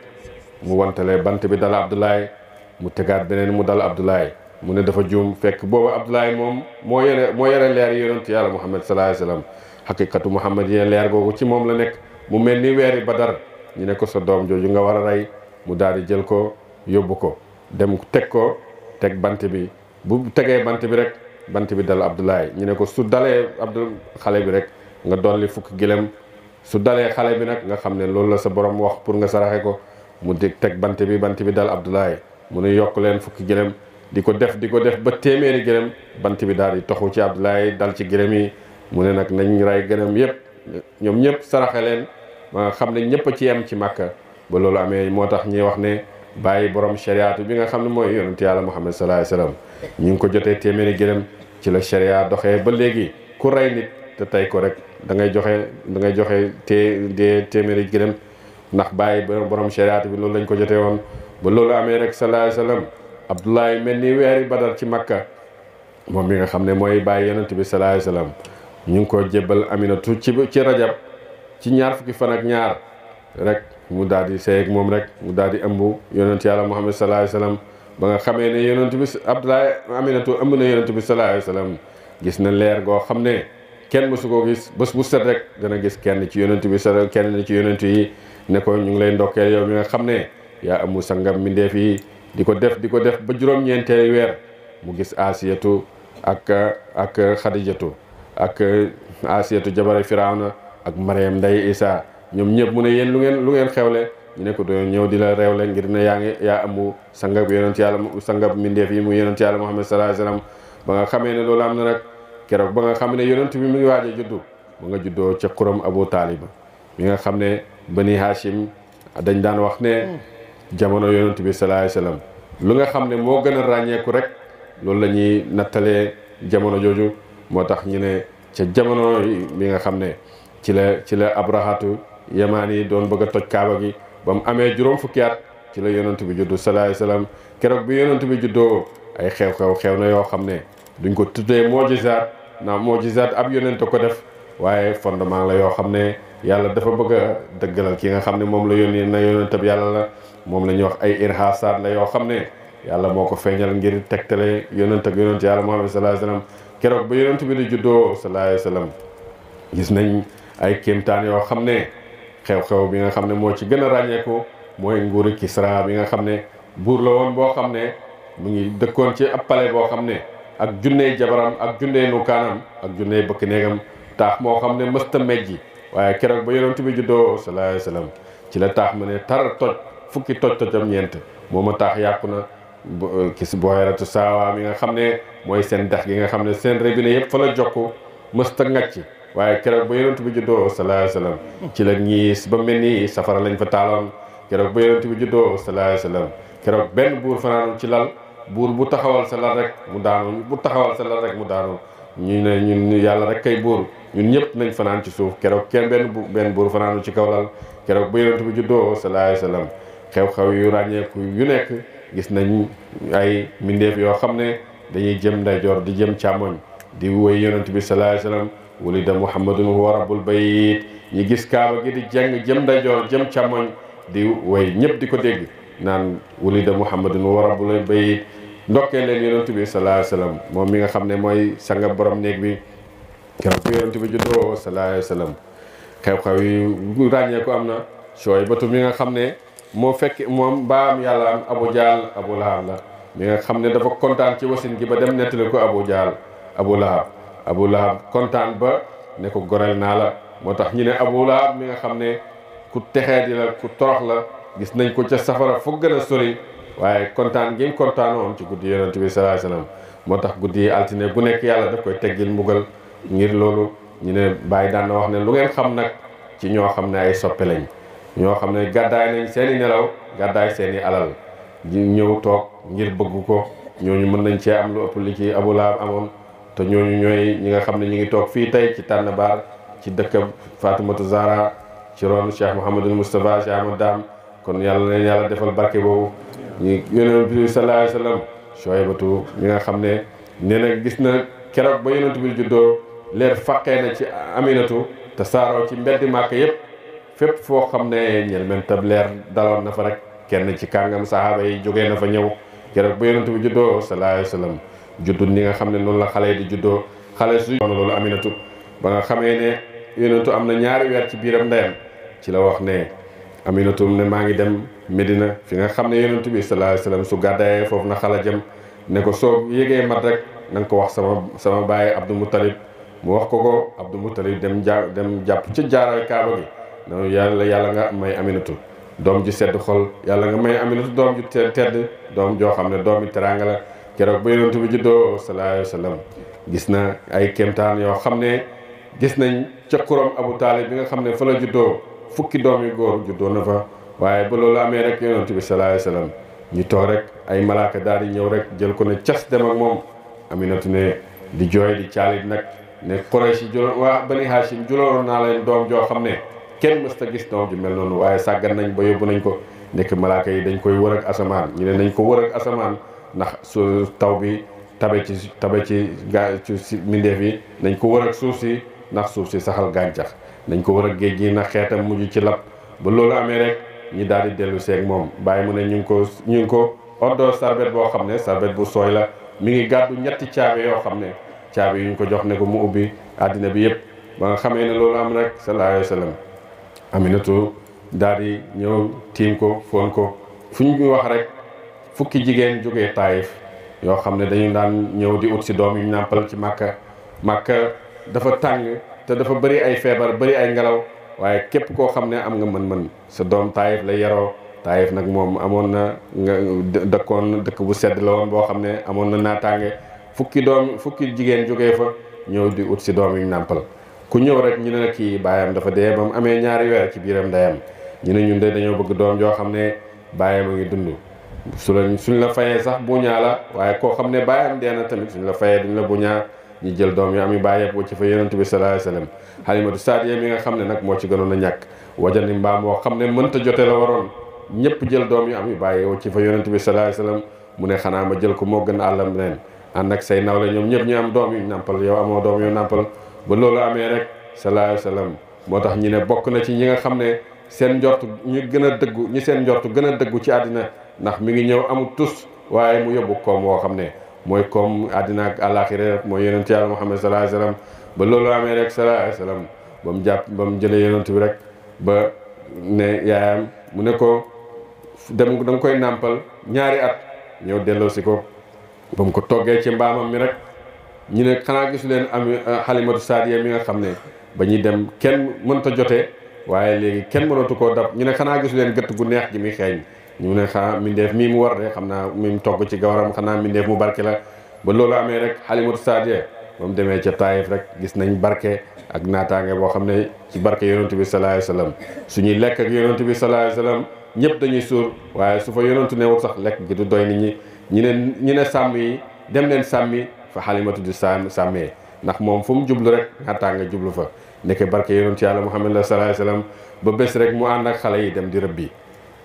mu wantale bant bi dal Abdoulaye mu tegaat beneen mu dal Abdoulaye mu ne dafa juum fekk boobu Abdoulaye moom moo yore moo yore leer yonent yàlla Muhammad sallallahu alayhi wasallam xaqiqatu Muhammad yéen leer ci moom la nekk mu mel ni weeri Badar ñu ne ko sa doom jooju nga war a rey mu daal di jël ko yóbbu ko dem teg ko teg bant bi bu tegee bant bi rek bant bi dal Abdoulaye ñu ne ko su dalee Abdou xale bi rek nga dolli fukk gilem su dalee xale bi nag nga xam ne loolu la sa borom wax pour nga saraxe ko mu di teg bant bi bant bi dal Abdoulaye mu ne yokk leen fukki gëlëm di ko def di ko def ba téeméeri gëlëm bant bi daal di toxu ci Abdoulaye dal ci gëlëm yi mu ne nag nañ ray gëlëm yëpp ñoom ñëpp saraxe leen ma xam ne ñëpp a ci yem ci màkk ba loolu amee moo tax ñuy wax ne bàyyi borom chariatu bi nga xam ne mooy yonent yàlla Muhammad sallallahu alayhi wasallam ñu ngi ko jotee téeméeri gëlëm ci la charia doxee ba léegi ku rey nit te tey ko rek da ngay joxe da ngay joxe te dee téeméeri gëlëm ndax bàyyi borom chariatu bi loolu lañ ko jotee woon ba loolu amee rek sallallahu alayhi wasallam Abdullahi mel ni weeri badar ci makka moom bi nga xam ne mooy bàyyi yonent bi sallallahu alayhi ñu ngi ko jébbal aminatu ci ci rajab ci ñaar fukki fan ak ñaar rek mu daal di seey ak moom rek mu daal di ëmb yonent yàlla muhammad sallallahu alayhi wasallam ba nga xamee ne yonent bi Abdullahi aminatu ëmb na yonent bi sallallahu alayhi wasallam gis na leer goo xam ne kenn mësu koo gis bés bu set rek dana gis kenn ci yonent bi sa kenn ci yonent yi ne ko ñu ngi lay ndokkeel yow mi nga xam ne Ya, amu sangam mbindeef yi di def di def ba juróom-ñeenteeli weer mu gis asiyatu ak ak xadijatu ak asiyatu jabari firawna ak mariam nday isa ñoom ñëpp mu ne yéen lu ngeen lu ngeen xewle ñu ne ko doon ñëw di la reewle ngir ne yaa ngi amu sangab yonent yàlla sangab mbindeef yi mu yonent yàlla muhammad sallallahu Alaihi wasallam ba nga xamee ne loolu am na nag keroog ba nga xam ne yonent bi mu ngi waaj juddu ba nga juddoo ca kuram abu Talib, mi nga xam bani hashim dañ daan wax ne mm. jamono yonent bi salaay salaam lu nga xam ne moo gën a ràññeeku rek loolu la ñuy nattalee jamono jooju moo tax ñu ne ca jamono bi nga xam ne ci la ci la abrahatu yamaan yi doon bëgg a toj kaaba gi ba mu amee juróom fukki at ci la yonent bi juddu salaay salaam keroog bi yonent bi juddoo ay xew-xew xew na yoo xam ne duñ ko tuddee mojisaat na mojisaat ab yonent ko def waaye fondement la yoo xam ne yàlla dafa bëgg dëgg dëggalal ki nga xam ne moom la yónnee na yonentab yàlla la moom la ñuy wax ay irhaasaat la yoo xam ne yàlla moo ko feeñal ngir tegtale yonent ak yonent yàlla Muhammad sallallahu alayhi wasallam keroog ba yonent bi di juddoo sallallahu alayhi wasallam gis nañ ay kéemtaan yoo xam ne xew-xew bi nga xam ne moo ci gën a ràññeeku mooy nguuru Kisra bi nga xam ne buur la woon boo xam ne mu ngi dëkkoon ci ab palais boo xam ne ak junney jabaram ak junney nukaanam ak junney bëkk néegam taax moo xam ne mësta mejji waaye keroog ba yonent bi juddoo sallallahu alayhi wasallam ci la taax ma ne tar toj fukki toj tojam ñeent moo ma taax yàqu na euh, kis boxeratu saawaa mi nga xam ne mooy seen dex gi nga xam ne seen robinet yëpp fa la jokk mësta ngàcc waaye keroog ba yonent bi juddoo sallallahu alayhi ci la ñiis ba mel ni safara lañ fa taaloon keroog ba yonent bi juddoo sallallahu alayhi wasallam keroog buur fanaanul ci lal buur bu taxawal sa lal rek mu daanu bu taxawal sa lal rek mu daanu ñu ne ñun yàlla rek kay buur ñun ñëpp nañ fanaan ci suuf keroog kenn benn benn buur fanaanul ci kaw lal keroog ba yonent bi juddoo sallallahu alayhi xew-xew yu ràññeeku yu nekk gis nañ ay mbindeef yoo xam ne dañuy jëm ndeyjoor di jëm càmmoñ di woy yonent bi sallallahu alayhi wasallam wulida muhammadun huwa rabbul bayit ñi gis kaaba gi di jeng jëm ndeyjoor jëm di woy ñëpp di ko dégg naan wulida muhammadun huwa rabbul bayit ndokkee leen yonent bi sallallahu alayhi moom mi nga xam ne mooy sanga borom néeg bi keroog bi yonent bi juddoo sallallahu alayhi xew-xew yu ràññeeku am na sooy batu mi nga xam ne moo fekk moom mbaam yàlla am abu jaal abu lahab la mi nga xam ne dafa kontaan ci wasin gi ba dem nettali ko abu jaal abu lahab abu lahab kontaan ba ne ko goreel naa la moo tax ñu ne abu lahab mi nga xam ne ku texee di la ku torox la gis nañ ko ca safara foog gën a sori waaye kontaan gi kontaan woon ci guddi yonent bi sallallahu alayhi wasallam moo tax guddi yi altine gu nekk yàlla daf koy teggil mbugal ngir loolu ñu ne bàyyi daan na wax ne lu ngeen xam nag ci ñoo xam ne ay soppe lañ ñoo xam ne gàddaay nañ seeni nelaw gàddaay seeni alal di ñëw toog ngir bëgg ko ñooñu mën nañ cee am lu ëpp li ci Abu Lahab amoon te ñooñu ñooy ñi nga xam ne ñu ngi toog fii tey ci tànn baar ci dëkkab Fatimatu Zahra ci ron Cheikh Mouhamadul Moustapha Cheikh Ahmad daam kon yàlla leen yàlla defal barke boobu ñu yonent bi sallallahu alayhi wasallam Shuaybatu ñi nga xam ne nee na gis na keroog ba yonent bi juddoo leer faqee na ci Aminatu te saaroo ci mbedd Màkka yépp fépp foo xam ne ñelmeen tableer daloon na fa rek kenn ci kàngam sahaaba yi jógee na fa ñëw keroog bu yonent bi juddoo sallallahu alayhi wa juddu ni nga xam ne noonu la xale yi di juddoo xale su na loolu aminatu ba nga xamee ne yonentu am na ñaari weer ci biiram ndeyam ci la wax ne aminatu ne maa ngi dem Medina fi nga xam ne yonentu bi sallallahu alayhi wa su gàddaayee foofu na xala jëm ne ko soo yégee mat rek na ko wax sama sama baay Abdou Moutalib mu wax ko ko Abdou Moutalib dem ja dem jàpp ci jaaral kaaba gi yàlla yàlla nga may aminatu doom ju sedd xol yàlla nga may aminatu doom ju tedd doom joo xam ne doomi teraanga la keroog ba yonent bi juddoo salallaahu alayhi wa gis na ay kéemtaan yoo xam ne gis nañ ca kuram abu taalib bi nga xam ne fa la juddoo fukki doom yu góor juddoo na fa waaye ba loolu amee rek yonent bi salallaahu alayhi ñu toog rek ay malaaka daal di ñëw rek jël ko ne cas dem ak moom aminatu ne di jooy di caalit nag ne Quraysh yi julo waa bani Haashim doom joo xam ne kenn mës ta gis doom ju mel noonu waaye sàggan nañ ba yóbbu nañ ko nekk malaaka yi dañ koy wër ak asamaan ñu ne nañ ko wër ak asamaan ndax su taw bi tabe ci tabe ci gaa ci mindeef yi nañ ko wër ak suuf si ndax suuf si saxal gàncax nañ ko wër ak géej gi ndax xeetam mujj ci lab ba loolu amee rek ñi daal di dellu seeg moom bàyyi mu ne ñu ngi ko ñu ko ordoo sarbet boo xam ne sarbet bu sooy la mi ngi gàddu ñetti caabi yoo xam ne caabi yu ñu ko jox ne ko mu ubbi àddina bi yëpp ba nga xamee ne loolu am rek sallallahu alayhi wa Aminatu daal di ñëw tiim ko foon ko fu ñu wax rek fukki jigéen jóge taayif yoo xam ne dañu daan ñëw di ut si doom yu nàmpal ci màkk màkka dafa tàng te dafa bëri ay feebar bëri ay ngelaw waaye képp koo xam ne am nga mën-mën sa doom taayif la yaroo taayif nag moom amoon na nga dëkkoon dëkk bu sedd la woon boo xam ne amoon na naa tànge fukki doom fukki jigéen jóge fa ñëw di ut si doom yu ñu nàmpal ku ñëw rek ñu ne na kii baayam dafa dee ba mu amee ñaari weer ci biiram ndeyam ñu ne ñun de dañoo bëgg doom yoo xam ne baayam a ngi dund su la suñ la fayee sax buñaa la waaye koo xam ne baayam dee na tamit suñ la fayee duñ la buñaa ñu jël doom yu am yu bàyyi yëpp ci fa yonent bi sallallahu alayhi wasallam Halimatu Saadiya mi nga xam ne nag moo ci gënoon a ñàkk wajani mbaam moo xam ne mënta jote la waroon ñëpp jël doom yu am yu bàyyi ci fa yonent bi sallallahu mu ne xanaa ma jël ko moo gën àllam leen ànd ak say nawle ñoom ñëpp ñu am doom yu nàmpal yow amoo doom yu nàmpal ba loolu amee rek salaay salaam moo tax ñu ne bokk na ci ñi nga xam ne seen njort ñu gën a dëggu ñi seen njort gën a dëggu ci àddina ndax mi ngi ñëw amul tus waaye mu yóbbu koom woo xam ne mooy koom àddina ak àllaaxira rek mooy yonent yàlla Muhammad salaay salaam ba loolu amee rek salaay salaam ba mu jàpp ba mu jëlee yonent bi rek ba yaayam mu ne ko dem da nga koy nàmpal ñaari at ñëw delloosi ko ba mu ko toggee ci mbaamam mi rek. ñu ne xanaa gisu leen am xalimatu eh, saadiya mi nga xam ne ba ñuy dem kenn mënta jote waaye léegi kenn mënatu koo dab ñu ne xanaa gisu leen gëtt gu neex ji muy xeeñ ñu ne xanaa mindeef mii mu war de xam naa mi mu togg ci gawaram xanaa mindeef mu barke la ba loolu amee rek xalimatu saadiya ba demee ca taayif rek gis nañ barke ak naataange boo xam ne ci barke yonentu bi sallallahu alayhi su suñuy lekk ak yonentu bi sallallahu alayhi wasallam ñëpp dañuy suur waaye su fa yonentu newul sax lekk gi du doy nit ñu ne ñu sàmm dem leen sàmmi fa xalimatu di sàmmee ndax moom fu mu jublu rek naataanga jublu fa nekk barke yonent yàlla muhammad la salaay salaam ba bés rek mu ànd ak xale yi dem di rëbbi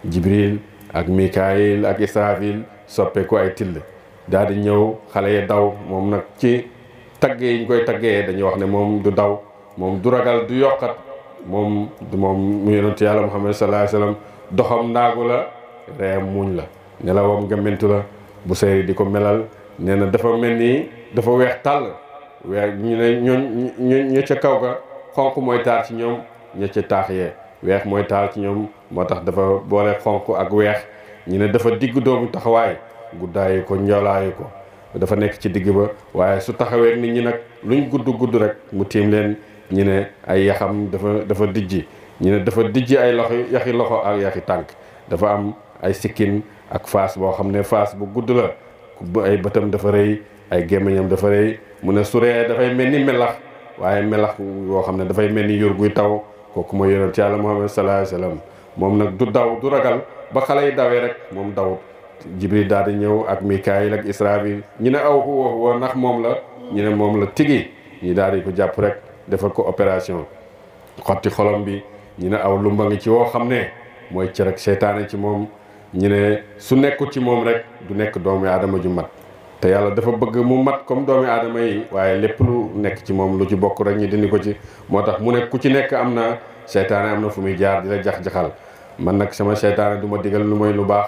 jibril ak mikaayil ak israfil soppeeku ay till daal di ñëw xale yi daw moom nag ci taggee yi ñu koy taggee dañuy wax ne moom du daw moom du ragal du yokkat moom moom mu yonent yàlla muhammad salaay salaam doxam naagu la reem muuñ la nelawam gëmmentu la bu seyri di dafa weex tàll weer ñu ne ñooñ ña ca kaw ga xonq mooy taar ci ñoom ña ca taax yee weex mooy taar ci ñoom moo tax dafa boole xonq ak weex ñu ne dafa digg doomu taxawaay guddaayu ko njolaayu ko dafa nekk ci digg ba waaye su taxawee nit ñi nag luñ gudd gudd rek mu tiim leen ñu ne ay yaxam dafa dafa dijj ñu ne dafa dijj ay loxo yaxi loxo ak yaxi tànk dafa am ay sikkin ak faas boo xam ne faas bu gudd la ay bëtam dafa rëy ay gémmiñam dafa rëy mu ne su ree dafay mel ni melax waaye melax woo xam ne dafay mel ni yor guy taw kooku ma yonent ci yàlla Muhammad sallallahu alayhi wa sallam moom nag du daw du ragal ba xale yi dawee rek moom dawut jibril daal di ñëw ak mikaayil ak israfil ñu ne aw huwa huwa moom la ñu ne moom la tigi ñu daal di ko jàpp rek defal ko opération xotti xolom bi ñu ne aw lumba ngi ci woo xam ne mooy cër ak seytaane ci moom ñu ne su nekkul ci moom rek du nekk doomu aadama ju mat te yàlla dafa bëgg mu mat comme doomi aadama yi waaye lépp lu nekk ci moom lu ci bokk rek ñu dindi ko ci moo tax mu ne ku ci nekk am na seytaane am na fu muy jaar di la jax-jaxal man nag sama seytaane du ma digal lu mooy lu baax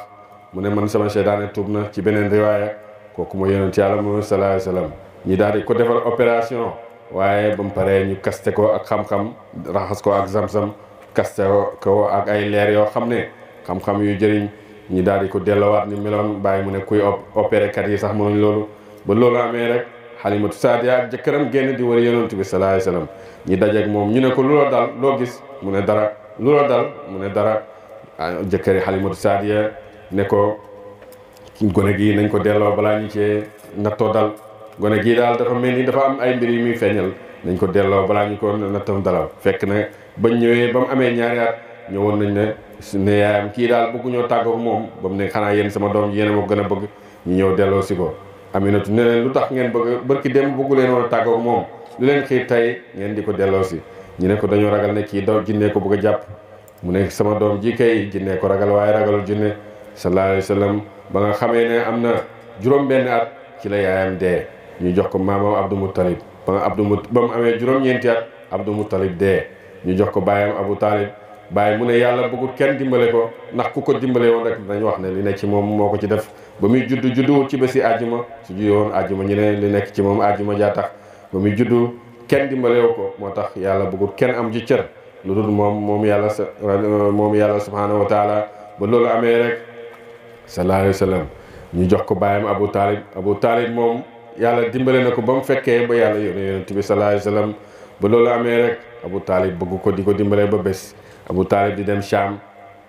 mu ne man sama seytaane tuub na ci beneen riwaaya kooku ma yonent ci yàlla Muhammad sallallahu alayhi wasallam ñi daal di ko defal opération waaye ba mu paree ñu kaste ko ak xam-xam raxas ko ak zam-zam kaste ko ak ay leer yoo xam ne xam-xam yu jëriñ ñu daal di ko delloowaat ni meloon bàyyi mu ne kuy opéré kat yi sax mënuñ loolu ba loolu amee rek xalimatu saadiya ak jëkkëram génn di war yonent bi salaay salaam ñi dajeeg moom ñu ne ko loola dal loo gis mu ne dara loola dal mu ne dara ah, jëkkëri xalimatu saadiya ne ko gone gii nañ ko delloo balaa ñu cee nattoo dal gone gii daal dafa mel ni dafa am ay mbir muy feeñal nañ ko delloo balaa ñu ko nattam dalal fekk na bañ ñëwee ba mu amee ñaari at ñëwoon nañ ne ne yaayam kii daal bëggu ñoo tàggoog moom ba ne xanaa yéen sama doom ji yéen moo gën a bëgg ñu ñëw delloo si ko aminatu ne leen lu tax ngeen bëgg bërki dem bëggu leen woon tàggoog moom lu leen xiir tey ngeen di ko delloo si ñu ne ko dañoo ragal ne kii daw jinnee ko bëgg a jàpp mu ne sama doom ji kay jinnee ko ragal waaye ragalul jinne sallallahu alayhi wasallam, sallam ba nga xamee ne am na juróom benn at ci la yaayam dee ñu jox ko maamam abdou muttalib ba nga abdou ba mu amee juróom-ñeenti at abdou muttalib dee ñu jox ko baayam abou taalib bàyyi mu ne yàlla bëggul kenn dimbale ko ndax ku ko dimbale woon rek dañ wax ne li nekk ci moom moo ko ci def ba muy juddu judduwul ci bési àjjuma su juddoo woon àjjuma ñu ne li nekk ci moom àjjuma jaa tax ba muy juddu kenn dimbale woo ko moo tax yàlla bëggul kenn am ci cër lu dul moom moom yàlla sa moom yàlla subhaanahu wa taala ba loolu amee rek sallallahu alayhi ñu jox ko bàyyam Abu Taalib Abu Taalib moom yàlla dimbale na ko ba mu fekkee ba yàlla yónnee yonent bi sallallahu ba loolu amee Abu Taalib bëgg ko di ko dimbale ba bés. abu taalib di dem Cham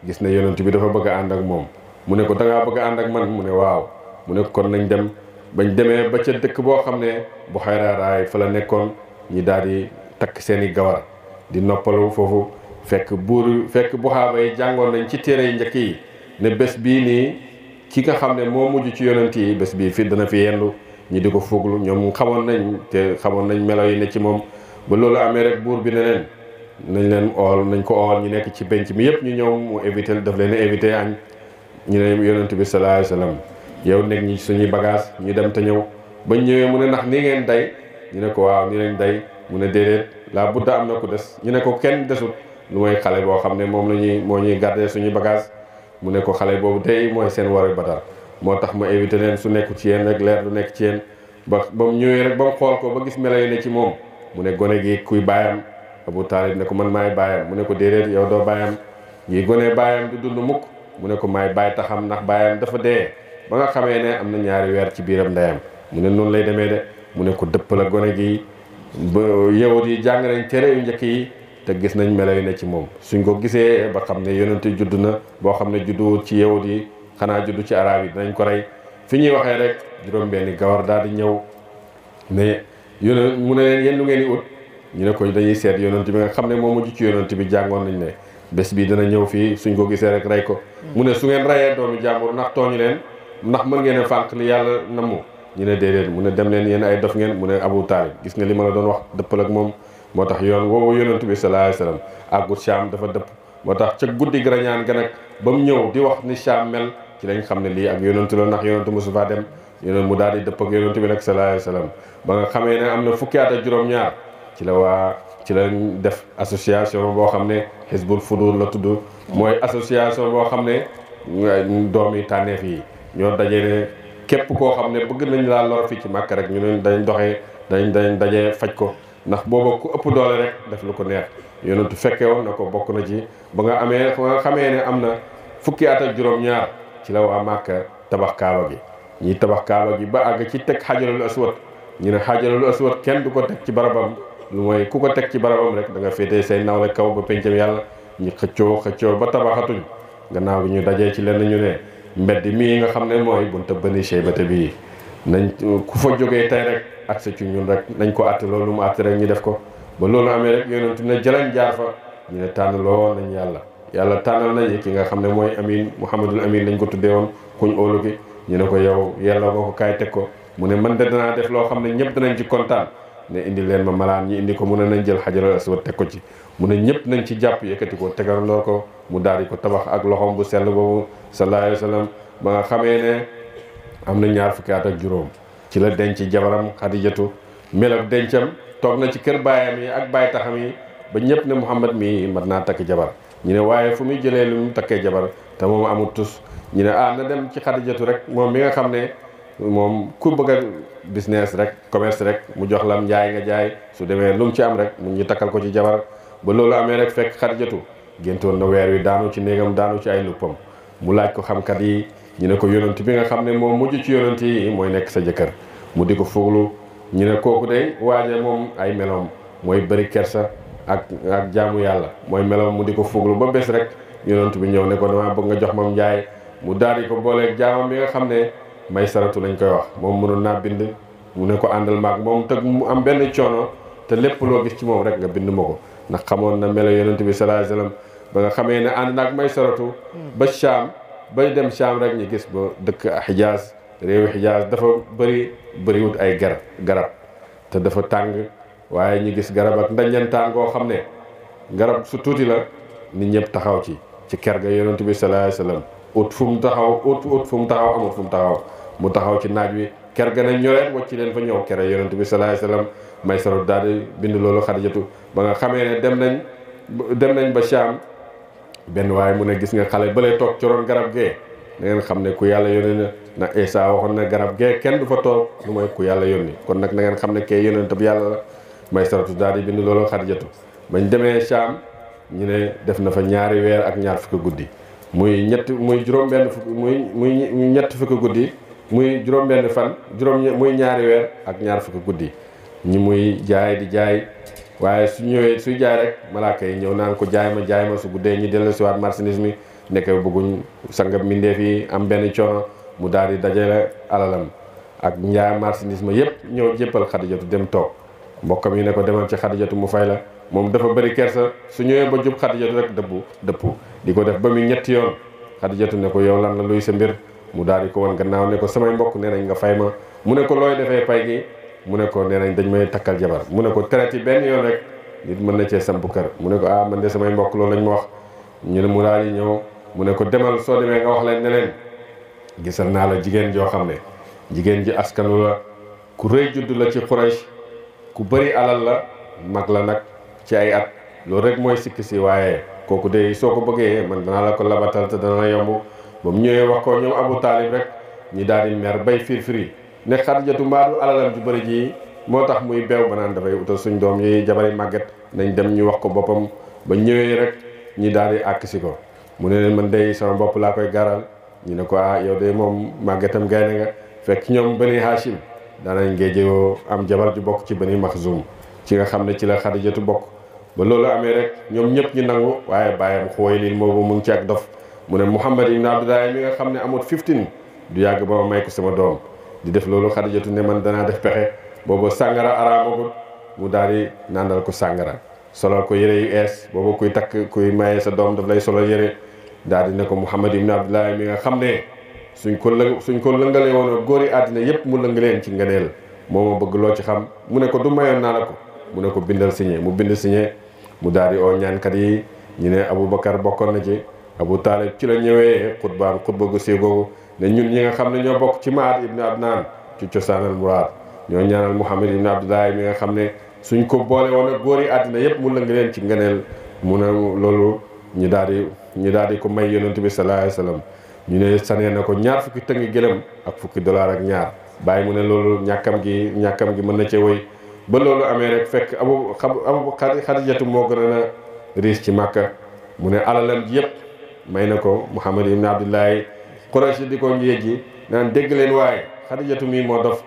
gis ne yonent bi dafa bëgg a ànd ak moom mu ne ko da ngaa bëgg ànd ak man mu ne waaw mu ne kon nañ dem bañ demee ba ca dëkk boo xam ne bu xayraaraay fa la nekkoon ñi daal di takk seen i gawar di noppalu foofu fekk buur fekk buxaaba yi jàngoon nañ ci téere yi njëkk yi ne bés bii nii ki nga xam ne moo mujj ci yonent yi bés bii fii dana fi yendu ñi di ko fuglu ñoom xamoon nañ te xamoon nañ melo yi ne ci moom ba loolu amee rek buur bi ne nañ leen ool nañ ko ool ñu nekk ci benc mi yëpp ñu ñëw mu évité daf leen évité añ ñu ne yonent bi sallallahu alayhi wa sallam yow nekk ñi suñuy bagage ñu dem te ñëw bañ ñëwee mu ne nax ni ngeen day ñu ne ko waaw ni leen day mu ne déedéet laa budda am na ku des ñu ne ko kenn desut lu mooy xale boo xam ne moom la ñuy moo ñuy gardé suñu bagage mu ne ko xale boobu day mooy seen war badar moo tax ma évité leen su nekku ci yéen rek leer du nekk ci yéen ba ba mu ñëwee rek ba mu xool ko ba gis melo ne ci moom mu ne gone gi kuy baayam Abu Taalib ne ko man maay baayam mu ne ko déedéet yow doo baayam yi gone baayam du dund mukk mu ne ko maay baay taxam ndax baayam dafa dee ba nga xamee ne am na ñaari weer ci biiram ndeyam mu ne noonu lay demee de mu ne ko dëpp gone gi ba yawut yi jàng nañ njëkk yi te gis nañ melo yi ne ci moom suñ ko gisee ba xam ne yonent judd na boo xam ne juddu ci yawut yi xanaa juddu ci arab yi dinañ ko rey fi ñuy waxee rek juróom gawar daal di ñëw ne yónne mu leen yéen ngeen di ut ñu ne ko dañuy seet yonent bi nga xam ne moo mujj ci yonent bi jàngoon nañ ne bés bi dana ñëw fii suñ ko gisee rek rey ko mu ne su ngeen rayee doomi jàmbur ndax tooñu leen ndax mën ngeen a li yàlla namu ñu ne déedéet mu ne dem leen yéen ay dof ngeen mu ne abou taalib gis nga li ma la doon wax dëppal ak moom moo tax yoon woowu yonent bi sallallahu alayhi wasallam àggut Cham dafa dëpp moo tax ca guddi grañaan ga nag ba mu di wax ni Cham mel ci lañ xam ne lii ak yonentu la ndax yonentu mosu faa dem yonent mu daal di dëpp ak yonent bi nag sallallahu alayhi wasallam ba nga xamee ne am fukki at ak ñaar ci la waa ci lañ def association boo xam ne Hizbul Fudur la tudd mooy association boo xam ne doomi tànneef yi ñoo dajee képp koo xam ne bëgg nañ laa lor fii ci màkk rek ñu ne dañ doxee dañ dañ dajee faj ko ndax booba ku ëpp doole rek def lu ko neex yonentu fekke woon na ko bokk na ci ba nga amee ba xamee ne am na fukki at ak juróom-ñaar ci la waa màkk tabax kaaba gi ñi tabax kaaba gi ba àgg ci teg xajarul aswad ñu ne xajarul aswad kenn du ko teg ci barabam lu mooy ku ko teg ci barabam rek da nga féetee say nawle kaw ba pencam yàlla ñu xëccoo xëccoo ba tabaxatuñ gannaaw bi ñu dajee ci lenn ñu ne mbedd mii nga xam ne mooy bunta bëni cheybate bii nañ ku fa jógee tey rek accès ci ñun rek nañ ko àtte loolu mu àtte rek ñu def ko ba loolu amee rek yonentu ne jëlañ jaar fa ñu ne tànn loo nañ yàlla yàlla tànnal nañu ki nga xam ne mooy amin mouhamadul amin lañ ko tuddee woon kuñ óolu gi ñu ne ko yow yàlla boo ko kaay teg ko mu ne man de danaa def loo xam ne ñëpp danañ ci kontaan ne indi leen ma malaan ñi indi ko mun a nañ jël xajaral aswad teg ko ci mu ne ñëpp nañ ci jàpp yëkkati ko tegarandoo ko mu daal ko tabax ak loxoom bu sell boobu sallallahu alayhi wa ba nga xamee ne am na ñaar fukki at ak juróom ci la denc jabaram xadijatu melab dencam toog na ci kër baayam yi ak baay taxam yi ba ñëpp ne Muhammad mii mat naa takk jabar ñu ne waaye fu muy jëlee lu mu takkee jabar te moom amul tus ñu ne ah na dem ci xadijatu rek moom mi nga xam ne moom ku business rek commerce rek mu jox lam njaay nga jaay su demee lu mu ci am rek mu ñu takkal ko ci jabar ba loolu amee rek fekk xarijatu géntoon na weer wi daanu ci néegam daanu ci ay luppam mu laaj ko xamkat yi ñu ne ko yonent bi nga xam ne moom mujj ci yonent yi mooy nekk sa jëkkër mu di ko fuglu ñu ne kooku de waaje moom ay meloom mooy bëri kersa ak ak jaamu yàlla mooy meloom mu di ko fuglu ba bés rek yonent bi ñëw ne ko damaa bëgg nga jox mam njaay mu daal di ko booleeg jaamam bi nga xam ne may saratu lañ koy wax moom mënoon naa bind mu ne ko àndal maag moom te mu am benn coono te lépp loo gis ci moom rek nga bind ma ko ndax xamoon na melo yonent bi sallallahu alayhi wasallam ba nga xamee ne ànd naag may saratu ba bay dem Sham rek ñu gis ba dëkk Xijaas réewu Xijaas dafa bëri bëriwut ay garab garab te dafa tàng waaye ñu gis garab ak ndaññantaan goo xam ne garab su la nit ñëpp taxaw ci ci ker ga yonent bi sallallahu alayhi wasallam ut fu taxaw ut ut taxaw amut fu taxaw mu taxaw ci naaj wi ker gën a ñoreet wacci leen fa ñëw kere yonent bi sallallahu alayhi wasallam may sarot daal di bind loolu xadijatu ba nga xamee ne dem nañ dem nañ ba Sham benn waaye mu ne gis nga xale bële toog ci roon garab gee da ngeen xam ne ku yàlla yónni na ndax Isa waxoon na garab gee kenn du fa toog lu mooy ku yàlla yónni kon nag na ngeen xam ne kee yonent bi yàlla la may saratu daal di bind loolu xadijatu bañ demee Sham ñu ne def na fa ñaari weer ak ñaar fukki guddi muy ñett muy juróom benn fukk muy muy ñett fukki guddi muy juróom-benn fan juróom muy ñaari weer ak ñaar fukki guddi ñi muy jaay di jaay waaye su ñëwee suy jaay rek malaaka yi ñëw naan ko jaay ma jaay ma su guddee ñi si siwaat marchandise mi nekk bëgguñ sangab mbindeef yi am benn coono mu daal di dajale alalam ak njaay marchandise ma yépp ñëw jéppal xadijatu dem toog mbokkam yi ne ko demal ci xadijatu mu fay la moom dafa bëri kersa su ñëwee ba jub xadijatu rek dëppu dëppu di ko def ba muy ñetti yoon xadijatu ne ko yow lan la luy mbir mu daal di ko woon gannaaw ne ko samay mbokk nee nañ nga fay ma mu ne ko looy defee pay gi mu ne ko nee nañ dañ may takkal jabar mu ne ko traite yi benn yoon rek nit mën na cee samp kër mu ne ko ah man de samay mbokk loolu lañ ma wax ñu ne mu daal di ñëw mu ne ko demal soo demee nga wax leen ne leen gisal naa la jigéen joo xam ne jigéen ji askanu la ku rëy judd la ci xuraysh ku bëri alal la mag la nag ci ay at loolu rek mooy sikk si waaye kooku de soo ko bëggee man danaa la ko labatal te dana yomb ba mu ñëwee wax ko Abu Talib, rek ñi daal di mer bay firfiri ne Xadijatu mbaadu alalam ju bëri ji moo tax muy beew ba naan dafay utal suñ doom yi jabari magget nañ dem ñu wax ko boppam ba ñëwee rek ñi daal di àkk si ko mu ne man day sama bopp laa koy garal ñu ne ko ah yow de moom màggetam gaynde nga fekk bani am jabar ju bokk ci bani Maxzum ci nga xam ne ci la nyop bokk ba loolu amee rek ñoom ñëpp ñu nangu mu ci ak dof mu ne Muhammad ibn Abdullahi mi nga xam ne amut 15 du yàgg ba ma may ko sama doom di def loolu Xadijatu ne man danaa def pexe booba sàngara araamagul mu daal di nàndal ko sàngara solal ko yére yu ees booba kuy takk kuy maye sa doom daf lay solal yére daal di ne ko Muhammad ibn Abdullahi mi nga xam ne suñ ko lë suñ ko lëngalee woon góori àddina yépp mu lëngaleen ci ngëneel moo ma bëgg loo ci xam mu ne ko du mayoon naa la ko mu ne ko bindal signé mu bind signé mu daal di oo ñaankat yi ñu ne Aboubacar bokkoon na ci abu talib ci la ñëwee xutbaam xutba gu si googu ne ñun ñi nga xam ne ñoo bokk ci maad ibn adnan ci cosaanal muraad ñoo ñaanal muhammad ibn abdullahi mi nga xam ne suñ ko boole woon ak góor yi àddina yëpp mu lëng leen ci ngëneel mu ne loolu ñu daal di ñu ko may bi sallallahu alayhi wasallam ñu na ko ñaar fukki ak fukki dollar ak ñaar mu gi gi mën na woy ba rek fekk abu abu xadijatu moo gën a riis ci màkka mu alalam ji may na ko Muhammad ibn Abdullahi Quraysh di ko njéej ji naan dégg leen waaye Xadijatu mii moo dof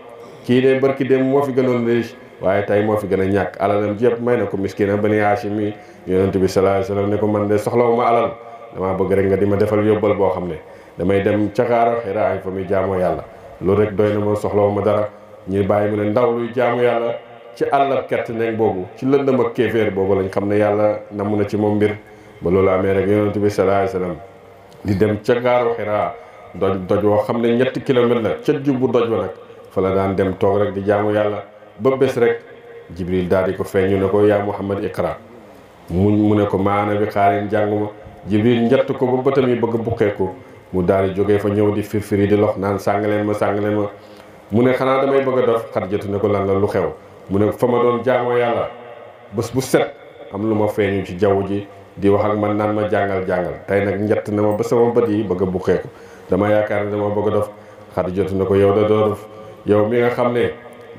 kii de barki dem moo fi gënoon riche waaye tey moo fi gën a ñàkk alalam yëpp may na ko miskina bani Haashim mi yonent bi sallallahu alayhi wa ne ko man de soxlawuma alal dama bëgg rek nga di ma defal yóbbal boo xam ne damay dem caxaara xiraay fa muy jaamoo yàlla loolu rek doy na moo ma dara ñu bàyyi mu ne ndaw luy jaamu yàlla ci àllab kett nekk boobu ci lëndëm ak kéeféer boobu lañ xam ne yàlla namu na ci moom mbir ba loolu amee rek yonent bi salaay salaam di dem ca gaaru xiraa doj doj woo xam ne ñetti kilomètre la ca jubbu doj wa fa la daan dem toog rek di jaamu yàlla ba rek jibril daal di ko feeñu ya muhammad iqra mu ne ko maana bi xaarin jànguma jibril njett ko ba bëtam yi bëgg buqeeku mu daal di jógee fa ñëw di firfiri di lox naan sàngaleen ma sàngaleen ma mu ne xanaa damay bëgg a dof xarjatu ne ko lan la lu xew mu ne fa ma doon bu set am ci ji di wax ak man naan ma jangal jangal tey nak njett na ma ba sama bët yi bëgg a buqeeku dama yaakaar ne dama bëgg a dof xadi jotu na ko yow da dof yow mi nga xam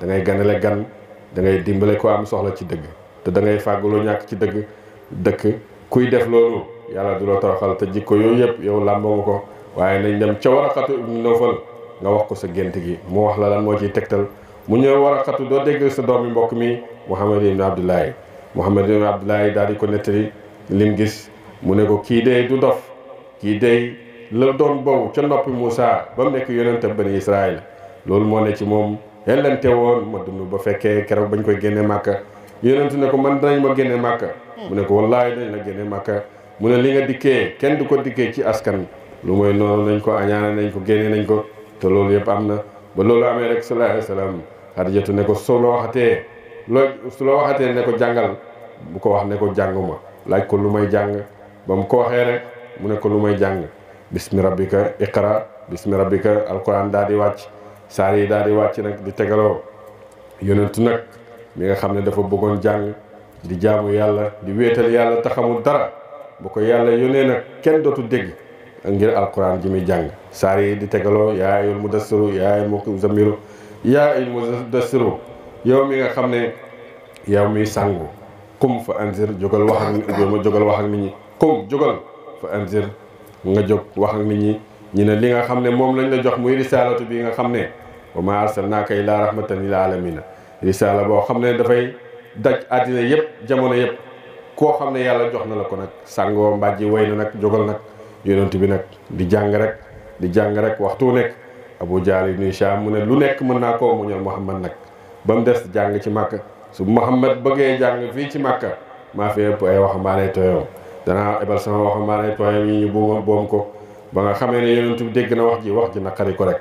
da ngay ganale gan da ngay dimbale ko am soxla ci dëgg te da ngay fàggaloo ñàkk ci dëgg dëkk kuy def loolu yàlla du la toroxal te jikko yooyu yëpp yow làmboo ko waaye nañ dem ca waraqatu ibnu nawfal nga wax ko sa gént gi mu wax la lan moo mu dégg sa doomi mbokk mi muhammad ibnu abdullahi muhammad ibnu abdullahi daal di lim gis mu ne ko kii dey du dof kii dey la doon boobu ca noppi Moussa ba mu nekk yonente bani Israël loolu moo ne ci moom xellante woon ma dund ba fekkee keroog bañ koy génne màkka yonente ne ko man dañ ma génne màkka hmm. mu ne ko wallaahi dañ la génne màkka mu ne li nga dikkee kenn du ko dikkee ci askan lu mooy noonu nañ ko añaane nañ ko génne nañ ko te loolu yëpp am na ba loolu amee rek sallallahu alayhi wasallam Xadijatu ne ko soo loo waxatee loo su ko jàngal bu ko wax ne ko jànguma laaj ko lu may jàng ba mu ko waxee rek mu ne ko lu may jàng bismi rabbika iqra bismi rabbika alquran daal di wàcc saar yi daal di wàcc nag di tegaloo yonentu nag mi nga xam ne dafa bëggoon jàng di jaamu yàlla di wéetal yàlla taxamul dara bu ko yàlla yónnee nag kenn dootu dégg ak ngir alquran ji mu jàng saar yi di tegaloo yaa ayul mudassiru yaa ayul muzammilu yaa ayul yow mi nga xam ne yow miy sàngu kum fa anzir jogal wax ak ma jogal wax ak nit ñi kum jogal fa anzir nga jóg wax ak nit ñi ñi ne li nga xam ne moom lañ la jox muy risalatu bi nga xam wa ma arsalnaaka illa rahmatan lil alamina risala boo xam ne dafay daj àddina yépp jamono yépp koo xam ne jox na la ko nag sàngoo mbàjji way na nak jogal nag yonent bi nag di jàng rek di jàng rek waxtu nekk abu jaal ibnu hisham mu ne lu nekk mën naa koo muñal muhammad nag ba mu ci su Muhammad bëggee jàng fii ci Makka maa fi ëpp ay waxambaane tooyam danaa ebal sama waxambaane tooyam yi ñu buuma boom ko ba nga xamee ne yonent bi dégg na wax ji wax ji naqari ko rek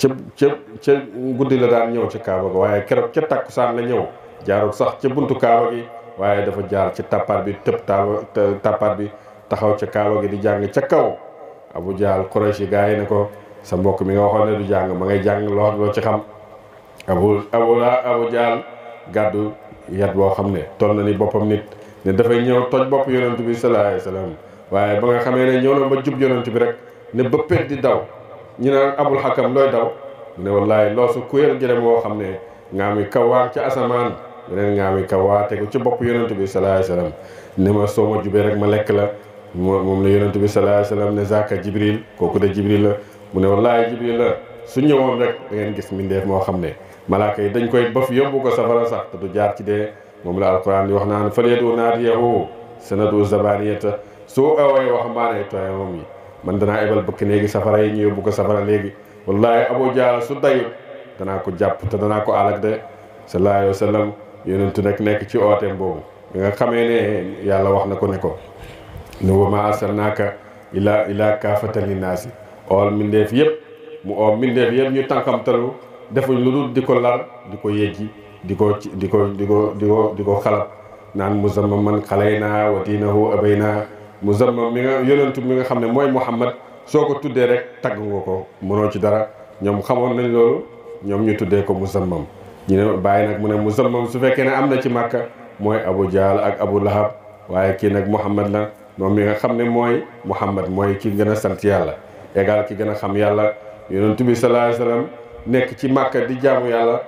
ca ca ca guddi la daan ñëw ci Kaaba ga waaye keroog ca takkusaan la ñëw jaarul sax ca buntu Kaaba gi waaye dafa jaar ci tappaat bi tëb tappaat bi taxaw ca Kaaba gi di jàng ca kaw Abu Jahl Quraysh yi gars yi ne ko sa mbokk mi nga waxoon ne du jàng ma ngay jàng loo ci xam abu abu la Abu Jahl gàddu yat boo xam ne toll na ni boppam nit ne dafay ñëw toj bopp yonent bi sallallahu alayhi wasallam waaye ba nga xamee ne ñëw na ba jub yonent bi rek ne ba di daw ñu naan abul xakam looy daw mu ne wallaay loosu kuyal jërëm woo xam ne ngaa mi kawaar ca asamaan beneen ngaa mi kawaar tegu ci bopp yonent bi sallallahu alayhi wasallam ne ma soo ma jubee rek ma lekk la moom la yonent bi sallallahu alayhi ne zaka jibril kooku de jibril la mu ne wallaay jibril la su ñëwoon rek ngeen gis mbindeef moo xam ne malaaka yi dañ koy bëf yóbbu ko safara sax te du jaar ci dee moom la alquran di wax naan falyad'u naadiyahu sanad'u zabaaniyata soo away waxambaane tooyamam yi man danaa ebal bëkk néegi safara yi ñu yóbbu ko safara léegi wallahi abu su dayut danaa ko jàpp te danaa ko alak de sallallahu alayhi wa sallam yonentu nekk ci ooteem boobu bi xamee ne yàlla wax na ko ne ko ne wa maa arsalnaaka illaa illaa kaafatan linnaasi ool mbindeef yëpp ool mbindeef yëpp defuñ lu dul di ko lar di ko yeggi di ko di ko di ko di ko di ko xalab naan musamman man xalay naa wa diinahu abay naa musamman mi nga yonentu mi nga xam ne mooy Muhammad soo ko tuddee rek tagg nga ko mënoo ci dara ñoom xamoon nañ loolu ñoom ñu tuddee ko musamman ñu ne bàyyi nag mu ne musamman su fekkee ne am na ci màkka mooy Abu Jahl ak Abu Lahab waaye kii nag Muhammad la moom mi nga xam ne mooy Muhammad mooy ki gën a sant yàlla égal ki gën a xam yàlla yonentu bi sallallahu alayhi wasallam nekk ci màkka di jaamu yàlla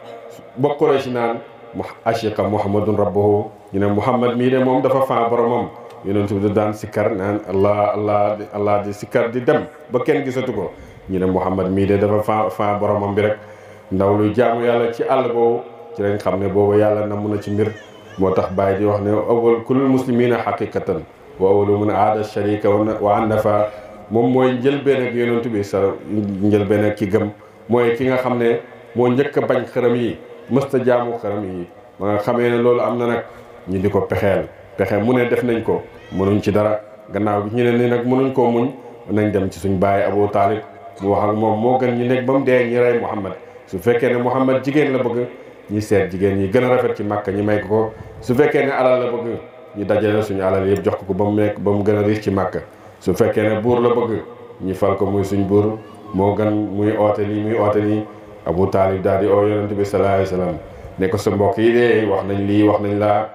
ba Quraysh naan mu ashika muhammadun rabbahu ñu ne muhammad mii de moom dafa faa boromam yonent bi daan sikkar naan allah allah allah di sikkar di dem ba kenn gisatu ko ñu ne muhammad mii de dafa faa faa boromam bi rek ndaw lu jaamu yàlla ci àll boobu ci lañ xam ne boobu yàlla mun na ci mbir moo tax Baye di wax ne awal kulul muslimina xaqiqatan wa awalu mun aada sharika wa an moom mooy njëlbeen ak yonent bi sa njëlbeen ak mooy ki nga xam ne moo njëkk a bañ xërëm yi mësta jaamu xërëm yi ba nga xamee ne loolu am na nag ñu di ko pexeel pexe mu ne def nañ ko mënuñ ci dara gannaaw bi ñu ne ni nag mënuñ koo muñ nañ dem ci suñ bàyyi Abu Taalib mu wax ak moom moo gën ñi nekk ba mu dee ñi rey Muhammad su fekkee ne Muhammad jigéen la bëgg ñi seet jigéen ñi gën a rafet ci Màkka ñi may ko ko su fekkee ne alal la bëgg ñu dajale suñu alal yëpp jox ko ko ba mu nekk ba mu gën a riis ci Màkka su fekkee ne buur la bëgg ñu fal ko muy suñ buur moo gën muy oote lii muy oote lii Abu Taalib daal di oo yonent bi sallallahu alayhi wa sallam ne ko sa mbokk yi de wax nañ lii wax nañ laa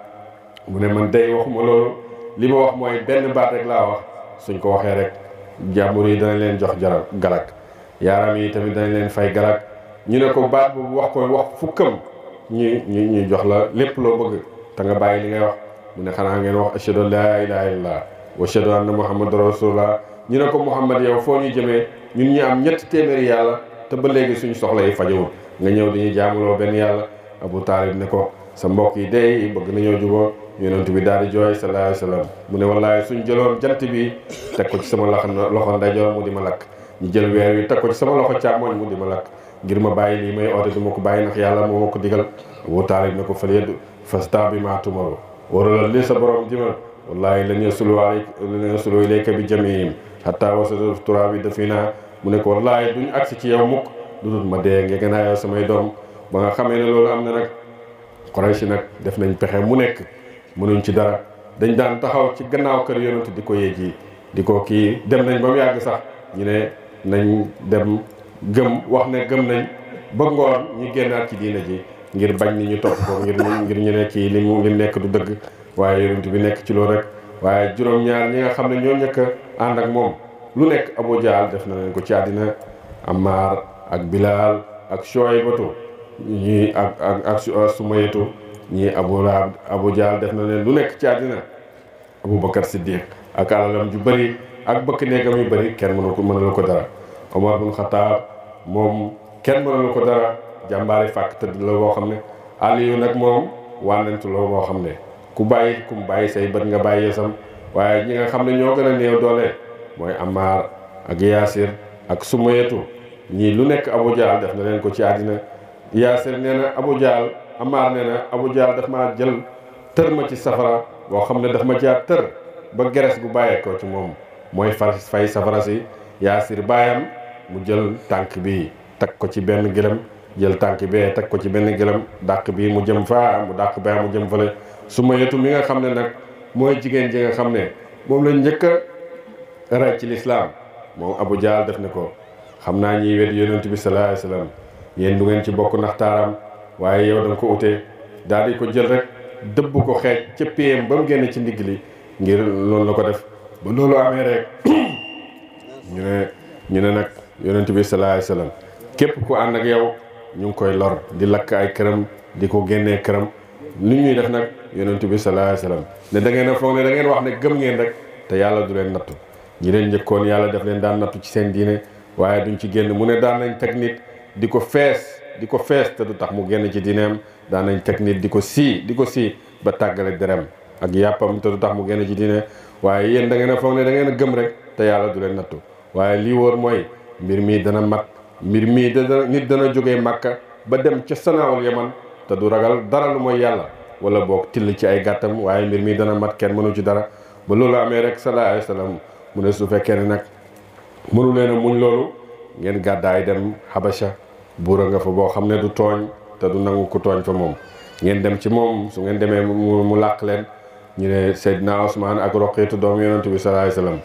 mu ne man day waxuma loolu li ma wax mooy benn baat rek laa wax suñ ko waxee rek jàmbur yi danañ leen jox jarak galak yaaram yi tamit danañ leen fay galak ñu ne ko baat boobu wax ko wax fukkam ñu ñu ñu jox la lépp loo bëgg te nga bàyyi li ngay wax mu ne xanaa ngeen wax ashhadu an laa ilaaha illallaah wa ashhadu anna muhammadan rasulullah ñu ne ko Mouhamad yow foo ñu jëmee ñun ñu am ñetti téeméeri yàlla te ba léegi suñu soxla yi fajowul nga ñëw dañuy jaamuloo benn yàlla Abu Taalib ne ko sa mbokk yi dey bëgg nañoo juboo yonent bi daal di jooy sallallahu alayhi wa sallam mu ne wallaay suñ jëloon jant bi teg ko ci sama loxo ndeyjoor mu di ma lakk ñu jël weer wi teg ko ci sama loxo càmmoñ mu di ma lakk ngir ma bàyyi lii may oote du ma ko bàyyi ndax yàlla moo ma ko digal Abu Taalib ne ko fal yeddu fasta bi maa tumaru waraloon li sa borom jëmal wallaay lan yasulu alayka lan yasulu xataa wasatu turaabi naa mu ne ko wallaahi duñ agsi ci yaw mukk lu dul ma dee nga gën a yow samay doom ba nga xamee ne loolu am na nag si nag def nañ pexe mu nekk mënuñ ci dara dañ daan taxaw ci gannaaw kër yonent di ko yéeg di ko kii dem nañ ba mu yàgg sax ñu ne nañ dem gëm wax ne gëm nañ ba ngoon ñu génnaat ci diina ji ngir bañ ni ñu topp ko ngir ngir ñu ne kii li mu nekk du dëgg waaye yonent bi nekk ci loolu rek waaye juróom-ñaar ñi nga xam ne ñoo njëkk ànd ak moom lu nekk Abu Jahl def na leen ko ci àddina Ammaar ak Bilaal ak Shuaybatu ñii ak ak ak Sumayatu ñii Abu Lahab Abu Jahl def na leen lu nekk ci àddina Abu Bakar Siddiq ak alalam yu bëri ak bëkk néegam yu bëri kenn mënu ko mënalu ko dara Omar bin Xataab moom kenn mënalu ko dara jàmbaari fàkk tëdd la boo xam ne Aliyu nag moom wànnentu la boo xam ne ku bàyyi ku mu bàyyi say bët nga bàyyi yesam waaye ñi nga xam ne ñoo gën a néew doole mooy Ammaar ak Yaasir ak Sumayatu ñii lu nekk Abu Jaal def na leen ko ci àddina Yaasir nee na Abu Jaal Ammaar nee na Abu daf ma jël tër ma ci safara boo xam ne daf ma jaar tër ba geres gu bàyyeekoo ci moom mooy far fay safara si Yaasir baayam mu jël tànk bi teg ko ci benn gëlëm jël tànk bee teg ko ci benn gëlëm dàq bii mu jëm fa mu dàq bee mu jëm fële Sumayatu mi nga xam ne nag mooy jigéen ji nga xam ne moom lañ njëkk a ci lislaam moom Abu Jaal def ni ko xam naa ñiy wet yonent bi sallallahu alayhi wasallam yéen du ngeen ci bokk ndax taaram waaye yow da nga ko utee daal di ko jël rek dëbb ko xeej ca péyam ba mu génn ci ndigg li ngir loolu la ko def ba loolu amee rek ñu ne ñu ne nag yonent bi sallallahu alayhi wasallam képp ku ànd ak yow ñu ngi koy lor di lakk ay këram di ko génnee këram li ñuy def nag yonent bi sallallahu alayhi wasallam ne da ngeen a foog ne da ngeen wax ne gëm ngeen rek te yàlla du leen nattu ñi leen njëkkoon yàlla def leen daan nattu ci seen diine waaye duñ ci génn mu ne daan nañ teg nit di ko fees di ko fees te du tax mu génn ci diineem daan nañ teg di ko sii di ko sii ba tàggale derem ak yàppam te du tax mu génn ci diine waaye yéen da ngeen a foog ne da ngeen a gëm rek te yàlla du leen nattu waaye lii wóor mooy mbir mii dana mat mbir mii dana nit dana jógee màkka ba dem ca sanaawul yaman te du ragal dara lu mooy yàlla wala boog till ci ay gàttam waaye mbir mi dana mat kenn mënu ci dara ba loolu amee rek sallallahu ay wa sallam mu ne su fekkee ne nag mënu leen a muñ loolu ngeen gàddaay dem Habasha buura nga fa boo xam ne du tooñ te du nangu ko tooñ fa moom ngeen dem ci moom su ngeen demee mu làq leen ñu ne Seydina Ousmane ak Roqeetu doom yonent bi sallallahu alayhi wa sallam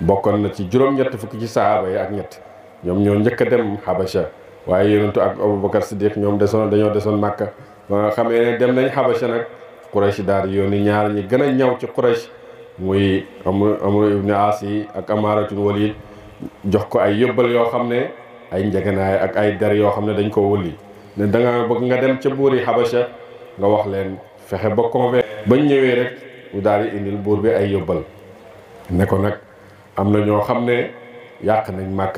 bokkoon na ci juróom-ñett fukki ci sahaaba yi ak ñett ñoom ñoo njëkk a dem Habasha waaye yonentu ak Aboubacar Siddiq ñoom desoon dañoo desoon Màkka ba nga xamee ne dem nañ xabasa nag Quraysh daal di yónni ñaar ñi gën a ñaw ci Quraysh muy Amru Amru ibn Aas yi ak Amaaratul Walid jox ko ay yóbbal yoo xam ne ay njëganaay ak ay der yoo xam ne dañ ko wëlli ne da nga bëgg nga dem ca buur yi xabasa nga wax leen fexe ba convaincre bañ ñëwee rek mu daal di indil buur bi ay yóbbal ne ko nag am na ñoo xam ne yàq nañ màkk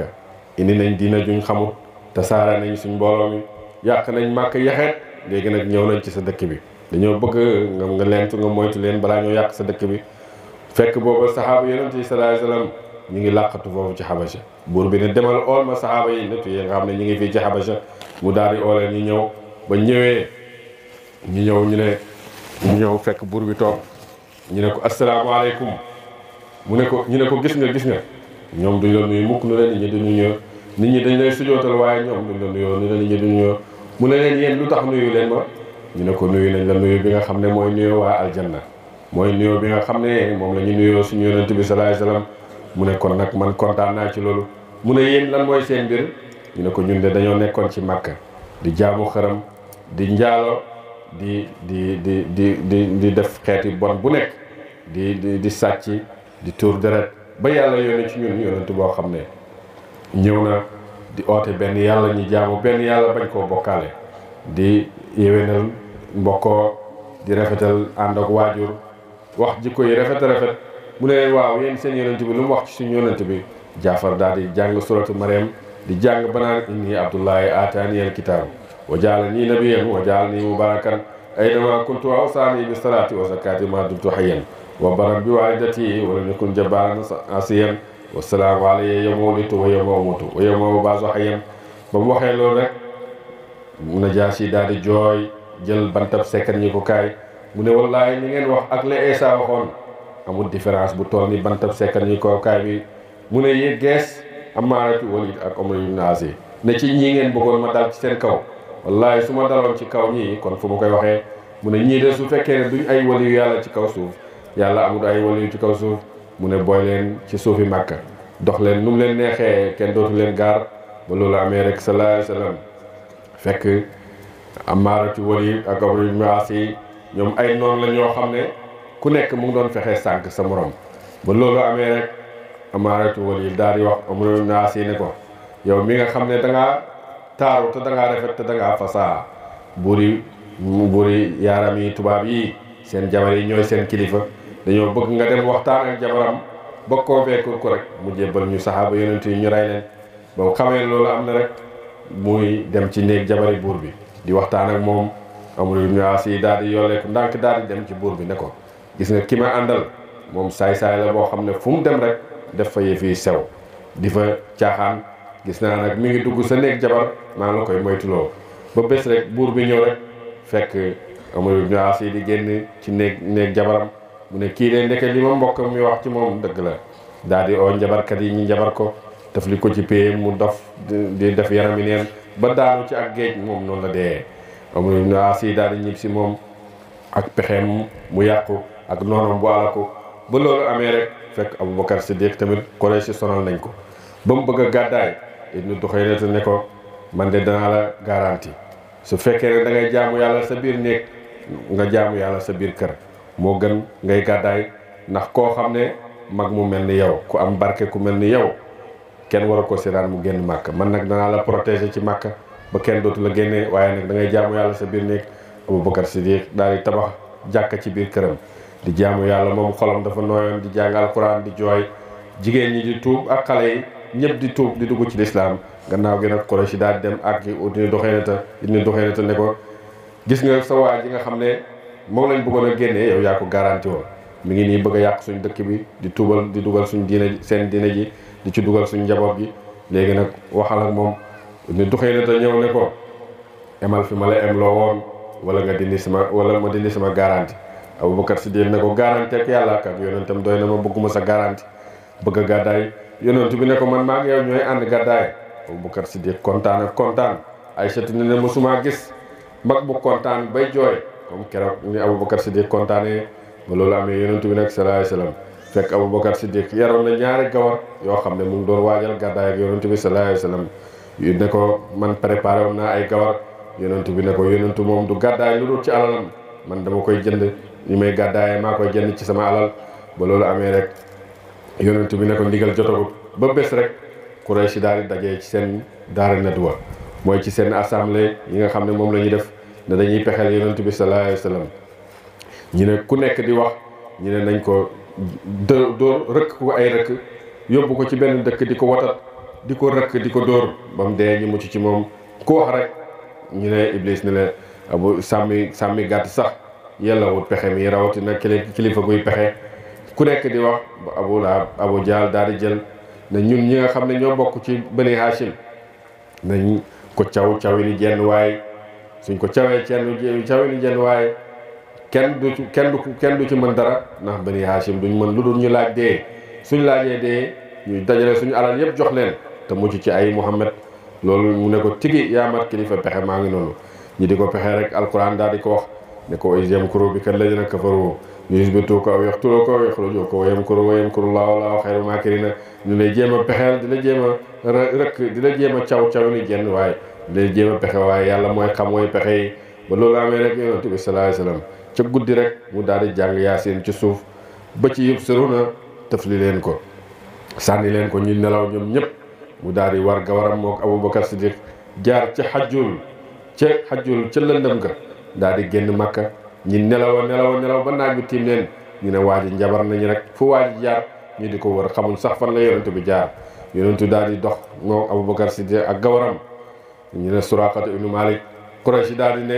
indi nañ diina juñ xamut tasaare nañu suñ mbooloo mi yàq nañ màkk yaxeet léegi nag ñëw nañ ci sa dëkk bi dañoo bëgg nga nga leentu nga moytu leen balaa ñoo yàq sa dëkk bi fekk booba saxaaba yonent yi salaay salaam ñu ngi làqatu foofu ci xabasa buur bi ne demal ool ma saxaaba yi nit yi nga xam ne ñu ngi fii ci xabasa mu daal di oolee ñu ñëw ba ñëwee ñu ñëw ñu ne ñu ñëw fekk buur bi toog ñu ne ko asalaamaaleykum mu ne ko ñu ne ko gis nga gis nga ñoom duñ la nuyu mukk nu la nit ñi duñu ñu nit dañ la nuyoo nu la nit ñi mu ne leen yéen lu tax nuyu leen ma ñu ne ko nuyu nañ la nuyu bi nga xam ne mooy nuyu waa aljanna mooy nuyu bi nga xam ne moom la ñu nuyoo suñu yonent bi salaay salaam mu ne kon nag man kontaan naa ci loolu mu ne yéen lan mooy seen mbir ñu ne ko ñun de dañoo nekkoon ci màkka di jaamu xëram di njaalo di di di di di di def xeeti bon bu nekk di di di sàcc di tuur deret ba yàlla yónnee ci ñun yonent boo xam ne ñëw na di oote benn yàlla ñu jaamu benn yàlla bañ koo bokkaale di yéwénal mbokkoo di rafetal ànd ak waajur wax jikko yi rafet rafet mu ne leen waaw yéen seen yonent bi lu mu wax ci suñu yonent bi jaafar daal di jàng suratu mariam di jàng banaan inni abdullahi aataani al kitaabu wa jaala nii nabiyan wa jaala nii mubarakan aynama kuntu awsaani bi salaati wa zakaati ma dumtu hayyan wa barab bi walidati walam yakun jabbaaran asiyan wasalaamu alayya yawma wulidtu wa yawma amuutu wa yawma ubaasu hayyan ba mu waxee loolu rek Najaasi daal di jooy jël bantab sekkat ñi ko kaay mu ne wallaahi li ngeen wax ak la Eesa waxoon amul différence bu tool ni bantab sekkat ñi ko kaay bi mu ne yéeg gees Amaaratu Walid ak Omar ibn Aziz ne ci ñii ngeen bëggoon ma dal ci seen kaw wallaahi su ma daloon ci kaw ñii kon fu ma koy waxee mu ne ñii de su fekkee ne duñ ay waliyu yàlla ci kaw suuf yàlla amul ay waliyu ci kaw suuf. mu ne booy leen ci suufi màkka dox leen nu mu leen neexee kenn dootu leen gaar ba loolu amee rek salaay salaam fekk amaaratu yi ak Amr ibn ñoom ay noon la ñoo xam ne ku nekk mu ngi doon fexe sànq sa moroom ba loolu amee rek amaaratu Walid daal di wax Amr ibn As yi ne ko yow mi nga xam ne da ngaa taaru te da ngaa rafet te da ngaa fasaa buuri buuri yaaram yi tubaab yi seen jabar yi ñooy seen kilifa dañoo bëgg nga dem waxtaan ak jabaram ba convaincre ko rek mu jébbal ñu saxaaba yonent yi ñu rey leen ba mu xamee loolu am na rek muy dem ci néeg jabari buur bi di waxtaan ak moom amul lu ñu waa si daal di yolleeku daal di dem ci buur bi ne ko gis nga ki ma àndal moom saay-saay la boo xam ne fu mu dem rek def fa yëf sew di fa caaxaan gis naa nag mi ngi dugg sa néeg jabar maa la koy moytuloo ba bés rek buur bi ñëw rek fekk amul lu ñu waa si di génn ci néeg néeg jabaram mu ne kii de ndeke li ma mbokk muy wax ci moom dëgg la daal di oo njabarkat yi ñu njabar ko def li ko ci pee mu dof di def yarami neen ba daanu ci ak géej moom noonu la dee amul ibnu asi daal di ñib si moom ak pexeem mu yàqu ak noonam bu alaku amee fekk aboubacar siddiq tamit Quraysh si sonal ko ba mu bëgg a gàddaay ne ko man de danaa la garanti su fekkee ne dangay ngay jaamu yàlla sa biir néeg nga jaamu yàlla sa biir kër moo gën ngay gàddaay ndax koo xam ne mag mu mel ni yow ku am barke ku mel ni yow kenn war a ko seetaan mu génn màkk man nag danaa la protéger ci màkk ba kenn dootu la génnee waaye nag da ngay jaamu yàlla sa biir néeg Aboubacar Siddiq daal di tabax jàkk ci biir këram di jaamu yàlla moom xolam dafa nooyoon di jàng alquran di jooy jigéen ñi di tuub ak xale yi ñëpp di tuub di dugg ci lislaam gannaaw gi nag Quraysh daal di dem ak di doxee na ta di doxee ta ne ko moom lañ bëggoon a génnee yow yaa ko garanti woon mi ngi nii bëgg a yàq suñ dëkk bi di tuubal di dugal suñ diine seen diine ji di ci dugal suñ njaboot gi léegi nag waxal ak moom ni duxee na te ñëw ne ko emal fi ma la em loo woon wala nga dindi sama wala ma dindi sama garanti Aboubacar Siddiq ne ko garanti ak yàlla ak yonentam doy na ma bëgguma sa garanti bëgg a gàddaay yonent bi ne ko man maa ngi yow ñooy ànd gàddaay Aboubacar Siddiq kontaan ak kontaan Aysatu ne ne mësumaa gis mag bu kontaan bay jooy comme keroog ni Aboubacar Siddiq kontaanee ba loolu amee yonent bi nag salaay salaam fekk Aboubacar Siddiq yaroon na ñaari gawar yoo xam ne mu ngi doon waajal gàddaay ak yonent bi salaay salaam ne ko man préparé woon naa ay gawar bi ne ko yonent moom du gàddaay lu ci man dama koy jënd ñi may gàddaaye maa koy jënd ci sama ba loolu amee rek yonent bi ne ko ndigal jotagut ba bés rek Quraysh daal di dajee ci seen daara nadwa mooy ci seen assemblée yi nga xam ne moom la ñuy def ne dañuy pexeel yonent bi sallallahu alayhi wa sallam ñu ne ku nekk di wax ñu ne nañ ko dë dóor rëkk ko ay rëkk yóbbu ko ci benn dëkk di ko watat di ko rëkk di ko dóor ba mu dee ñu mucc ci moom ku wax rek ñu ne Iblis ne abu sàmmi sàmmi gàtt sax yàlla wut pexe mi rawatina kilifa guy pexe ku nekk di wax ba abu laab abu jaal daal di jël ne ñun ñi nga xam ne ñoo bokk ci bani Hachim nañ ko caw cawi jenn waay suñ ko cawee cenn cawe ni jenn waaye kenn du ci kenn du kenn du ci mën dara ndax bani haashim duñ mën lu dul ñu laaj dee suñ laajee dee ñu dajale suñu alal yëpp jox leen te mucc ci ay Muhammad loolu mu ne ko tigi yaamat kilifa pexe maa ngi noonu ñu di ko pexe rek alquran daal di ko wax ne ko is yamkuru bika alladina kafaru yusbituuka aw yaqtuluuka aw yaxrujuuka wa yamkuru wa yamkuru llaahu wallaahu xayru maakiriin ñu lay jéem a pexeel di la jéem a rëkk di la jéem a caw caw ni jenn day jéem a pexe waaye yàlla mooy xam mooy pexe yi ba loolu amee rek yonent bi sallallahu alayhi wasallam ca guddi rek mu daal di jàng yaasin ci suuf ba ci yëpp sëru na tëfli leen ko sànni leen ko ñu nelaw ñoom ñëpp mu daal di war gawaram mook Abubakar Siddiq jaar ca xajjul ca xajjul ca lëndëm ga daal di génn Makka ñi nelaw nelaw nelaw ba naaj bi tiim leen ñu ne waa ji njabar nañu rek fu waa ji jaar ñu di ko wër xamul sax fan la yonent bi jaar yonent daal di dox moom Abubakar Siddiq ak gawaram ñu ne suraqatu ibnu malik Quraysh daal di ne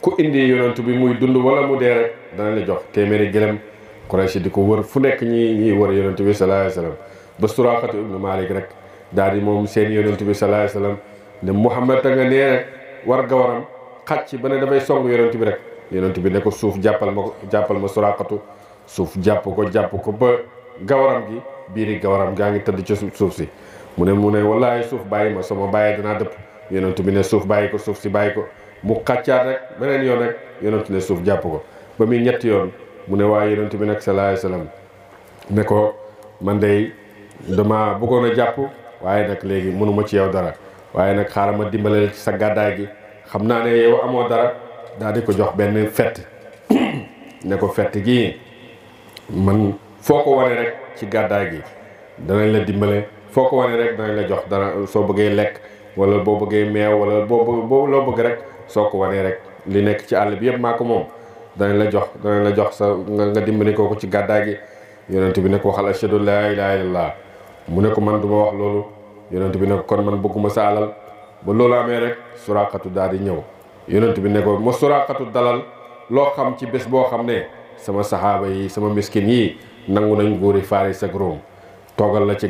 ku indi yonent bi muy dund wala mu dee rek dana la jox téeméeri gëlëm Quraysh di ko wër fu nekk ñi ñiy war yonent bi sallallahu alayhi wasallam ba suraqatu ibnu malik rek daal di moom seen yonent bi sallallahu alayhi wasallam ne Muhammad nga nee rek war ga waram xàcc ba ne dafay song yonent bi rek yonent bi ne ko suuf jàppal ma ko jàppal ma suraqatu suuf jàpp ko jàpp ko ba gawaram gi biiri gawaram gaa ngi tëdd ci suuf si mu ne mu ne wallaay suuf bàyyi ma soo ma bàyyee danaa dëpp yonentu bi ne suuf bàyyi ko suuf si bàyyi ko mu xàccaat rek beneen yoon rek yonentu ne suuf jàpp ko ba muy ñetti yoon mu ne waaye yonentu bi nag salaay salaam ne ko man day dama bëggoon a jàpp waaye nag léegi mënuma ci yow dara waaye nag xaaral ma dimbaleel ci sa gàddaay gi xam naa ne yow amoo dara daal di ko jox benn fett ne ko fett gii man foo ko wane rek ci gàddaay gi danañ la dimbale foo ko wane rek danañ la jox dara soo bëggee lekk wala boo bëggee meew wala boo boo loo bëgg rek soo ko wanee rek li nekk ci àll bi yëpp maa ko moom danañ la jox danañ la jox sa nga dimbali kooku ci gàddaa gi yonent bi ne ko waxal ashhadu laa ilaaha illallaah mu ne ko man du ma wax loolu yonent bi ne ko kon bëgguma sa ba loolu amee rek suraqatu daal di ñëw yonent bi ne ma suraqatu dalal loo xam ci bés boo xam ne sama saxaaba yi sama miskin yi nangu nañ góori Faris ak Room togal la ci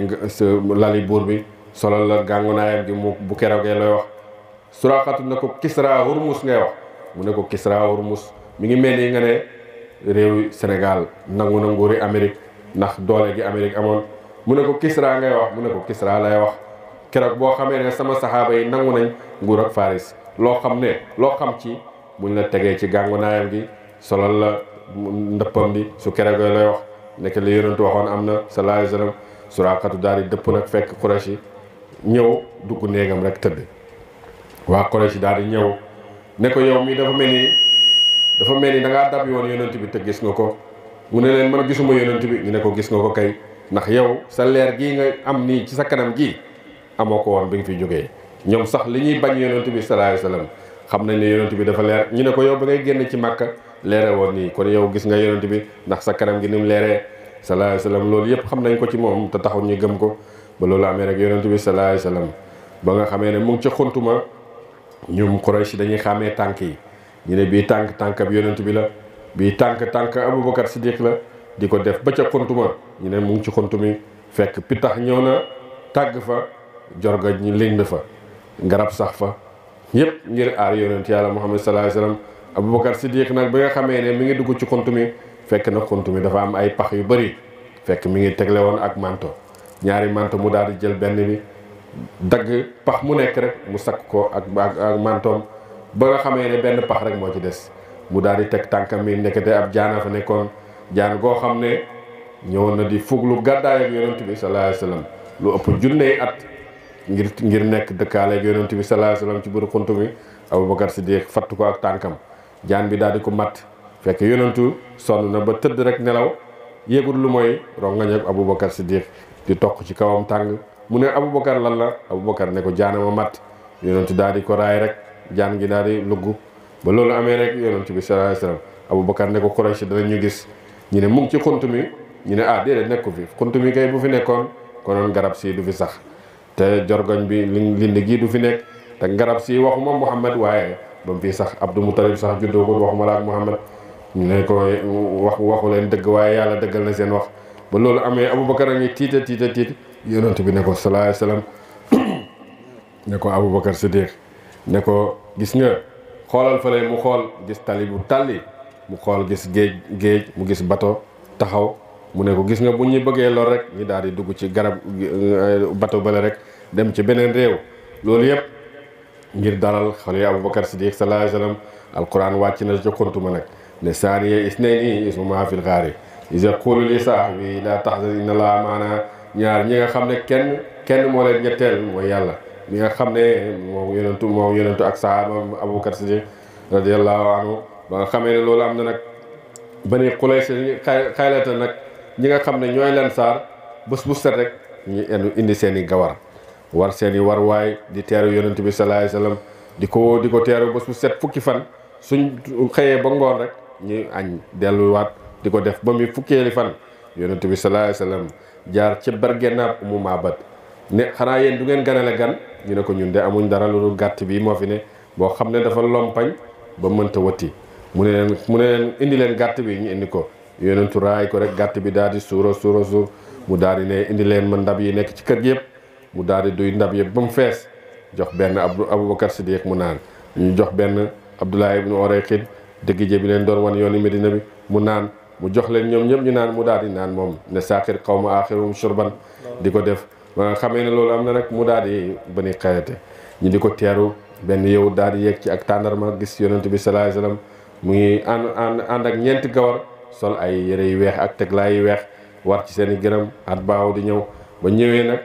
lali buur bi solal la gàngunaayam gi mu bu keroogee lay wax suraxatu ne ko kisra hurmus ngay wax mu ne ko kisra hurmus mi ngi mel ni nga ne réew sénégal nangu na nguuri amérique ndax doole gi amérique amoon mu ne kisra ngay wax mu ne kisra lay wax keroog boo xamee ne sama saxaaba yi nangu nañ nguur ak faris loo xam ne loo xam ci buñ la tegee ci gàngunaayam gi solal la ndëppam bi su keroogee lay wax nekk li yonentu waxoon am sallallahu alayhi wa suraaxatu daal di dëpp nag fekk Quraysh ñëw dugg néegam rek tëdd waa Quraysh yi di ñëw ne ko yow mii dafa mel ni dafa mel ni da ngaa dab yoon yonent bi te gis nga ko mu ne leen man gisuma yonent bi ñu ne ko gis nga ko kay ndax yow sa leer gii nga am nii ci sa kanam gii amoo ko woon bi nga fi jógee ñoom sax li ñuy bañ yonent bi sallallahu alayhi wasallam xam nañ ne yonent bi dafa leer ñu ne ko yow ba ngay génn ci màkka leere woon nii kon yow gis nga yonent bi ndax sa kanam gi ni mu leeree salaay salaam loolu yëpp xam nañ ko ci moom te taxul ñu gëm ko ba loolu amee rek yonent bi salaay salaam ba nga xamee ne mu ngi ca xuntuma ñoom Quraysh dañuy xàmmee tànk yi ñu ne bii tànk tànk ab yonent bi la bii tànk tànk Abubakar Siddiq la di def ba ca xuntuma ñu ne mu ci fekk pitax na fa jorga ñu lind fa ngarab sax fa yëpp ngir aar yonent yàlla Muhammad salaay salaam Abubakar Siddiq nag bi nga xamee ne mi ngi dugg ci fekk na xunt mi dafa am ay pax yu bëri fekk mi ngi tegle woon ak manto ñaari manto mu daal di jël benn bi dagg pax mu nekk rek mu sakk ko ak ak ba nga xamee ne benn pax rek moo ci des mu daal di teg tànkam mi nekkate ab jaana fa nekkoon jaan goo xam ne ñëwoon na di fuglu lu ak yonent bi sallallahu alayhi wasallam lu ëpp junney at ngir ngir nekk dëkkaale ak yonent bi sallallahu alayhi ci buru xunt mi Abubakar Siddiq fatt ko ak tànkam jaan bi daal di ko matt fekk yonantu sonn na ba tëdd rek nelaw yëgul lu mooy rongañ ak aboubacar siddiq di tok ci kawam tàng mu ne aboubacar lan la aboubacar ne ko jaanama matt dari daal di ko raay rek jaan gi daal di lugg ba loolu amee rek yonantu bi sallallahu alayhi wasallam aboubacar ne ko Quraysh danañu gis ñu ne mu ci mi ne ah déedéet nekku fi xunt mi kay bu fi nekkoon konoon garab si du fi sax te jorgoñ bi li lind gii du fi nekk te garab si waxuma Muhammad waaye ba mu fii sax Abdou Moutalib sax juddoo ko waxuma la Muhammad ñu ne ko wax waxu leen dëgg waaye yàlla dëggal na seen wax ba loolu amee Aboubacar a ngi tiita tiita tiit yonent bi ne ko salaay salaam ne ko Aboubacar Siddiq ne ko gis nga xoolal fële mu xool gis tali bu tàlli mu xool gis géej géej mu gis bato taxaw mu ne ko gis nga bu ñu bëggee lor rek ñu daal di dugg ci garab euh, bato bale rek dem ci beneen réew loolu yëpp ngir dalal xale yi Aboubacar Siddiq salaay salaam alquran wàcc na ci xontu ma nag لسانية اثنين اسمهما في الغار إذا قول لصاحبي لا تحزن إن الله معنا ñaar ñi nga xam ne kenn kenn moo leen ñetteel moo yàlla mi nga xam ne moom yonentu moom ak sahabam aboubacar sidiq radiallahu anhu ba nga xamee ne loolu am na nag bani xulay si xaylata nag ñi nga xam ne ñooy leen saar bés bu set rek ñu enu indi seen i gawar war seen i war di teeru yonent bi sallallahu alayhi di ko di ko teeru bés bu set fukki fan suñ xëyee ba ngoon rek ñuy añ delluwaat di ko def ba muy fukkeeli fan yonent bi sallallahu alayhi wasallam jaar ci bargenaab umu maabat ne xanaa yéen du ngeen ganale gan ñu ne ko ñun de amuñ dara loolu gàtt bi moo fi ne boo xam ne dafa lompañ ba mënta wëtti mu ne leen mu ne leen indi leen gàtt bi ñu indi ko yonentu raay ko rek gàtt bi daal di suura suura suur mu daal di ne indi leen ma ndab yi nekk ci kër gi yëpp mu daal di duy ndab yëpp ba mu fees jox benn Abubakar Siddiq mu naan ñu jox benn Abdullah ibnu Urayqin dëgg je bi leen doon wan yooni Medina bi mu naan mu jox leen ñoom ñëpp ñu naan mu daal di naan moom ne saaxir xaw ma aaxirum surban di ko def ba nga xamee ne loolu am na nag mu daal di bani xayate ñu di ko teeru benn yow daal di yegg ci ak tàndarma gis yonent bi sallallahu alayhi wasallam mu ngi ànd ànd ànd ak ñeenti gawar sol ay yére yu weex ak teglaay yu weex war ci seen i gërëm at baaw di ñëw ba ñëwee nag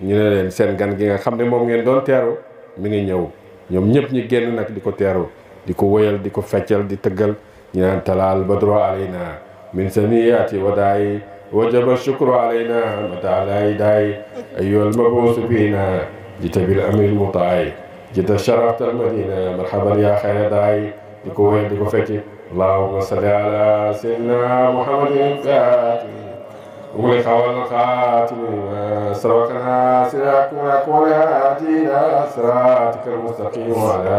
ñu ne leen seen gan gi nga xam ne moom ngeen doon teeru mi ngi ñëw ñoom ñëpp ñi génn nag di ko teeru di ko woyal di ko feccal di tëggal ñu naan talaal badru alayna min wadai wajab wajaba shukru alayna mataalaayi daayi ayyuhal mabuusu fiina jitabil amil mutaayi jita sharaftal madina marhaban yaa xayra daayi di ko woyal di ko fecci allahumma salli ala sayyidina muhammadin faati ومن خوال الخاتم سرك ناصرك وكون هادينا صراطك المستقيم على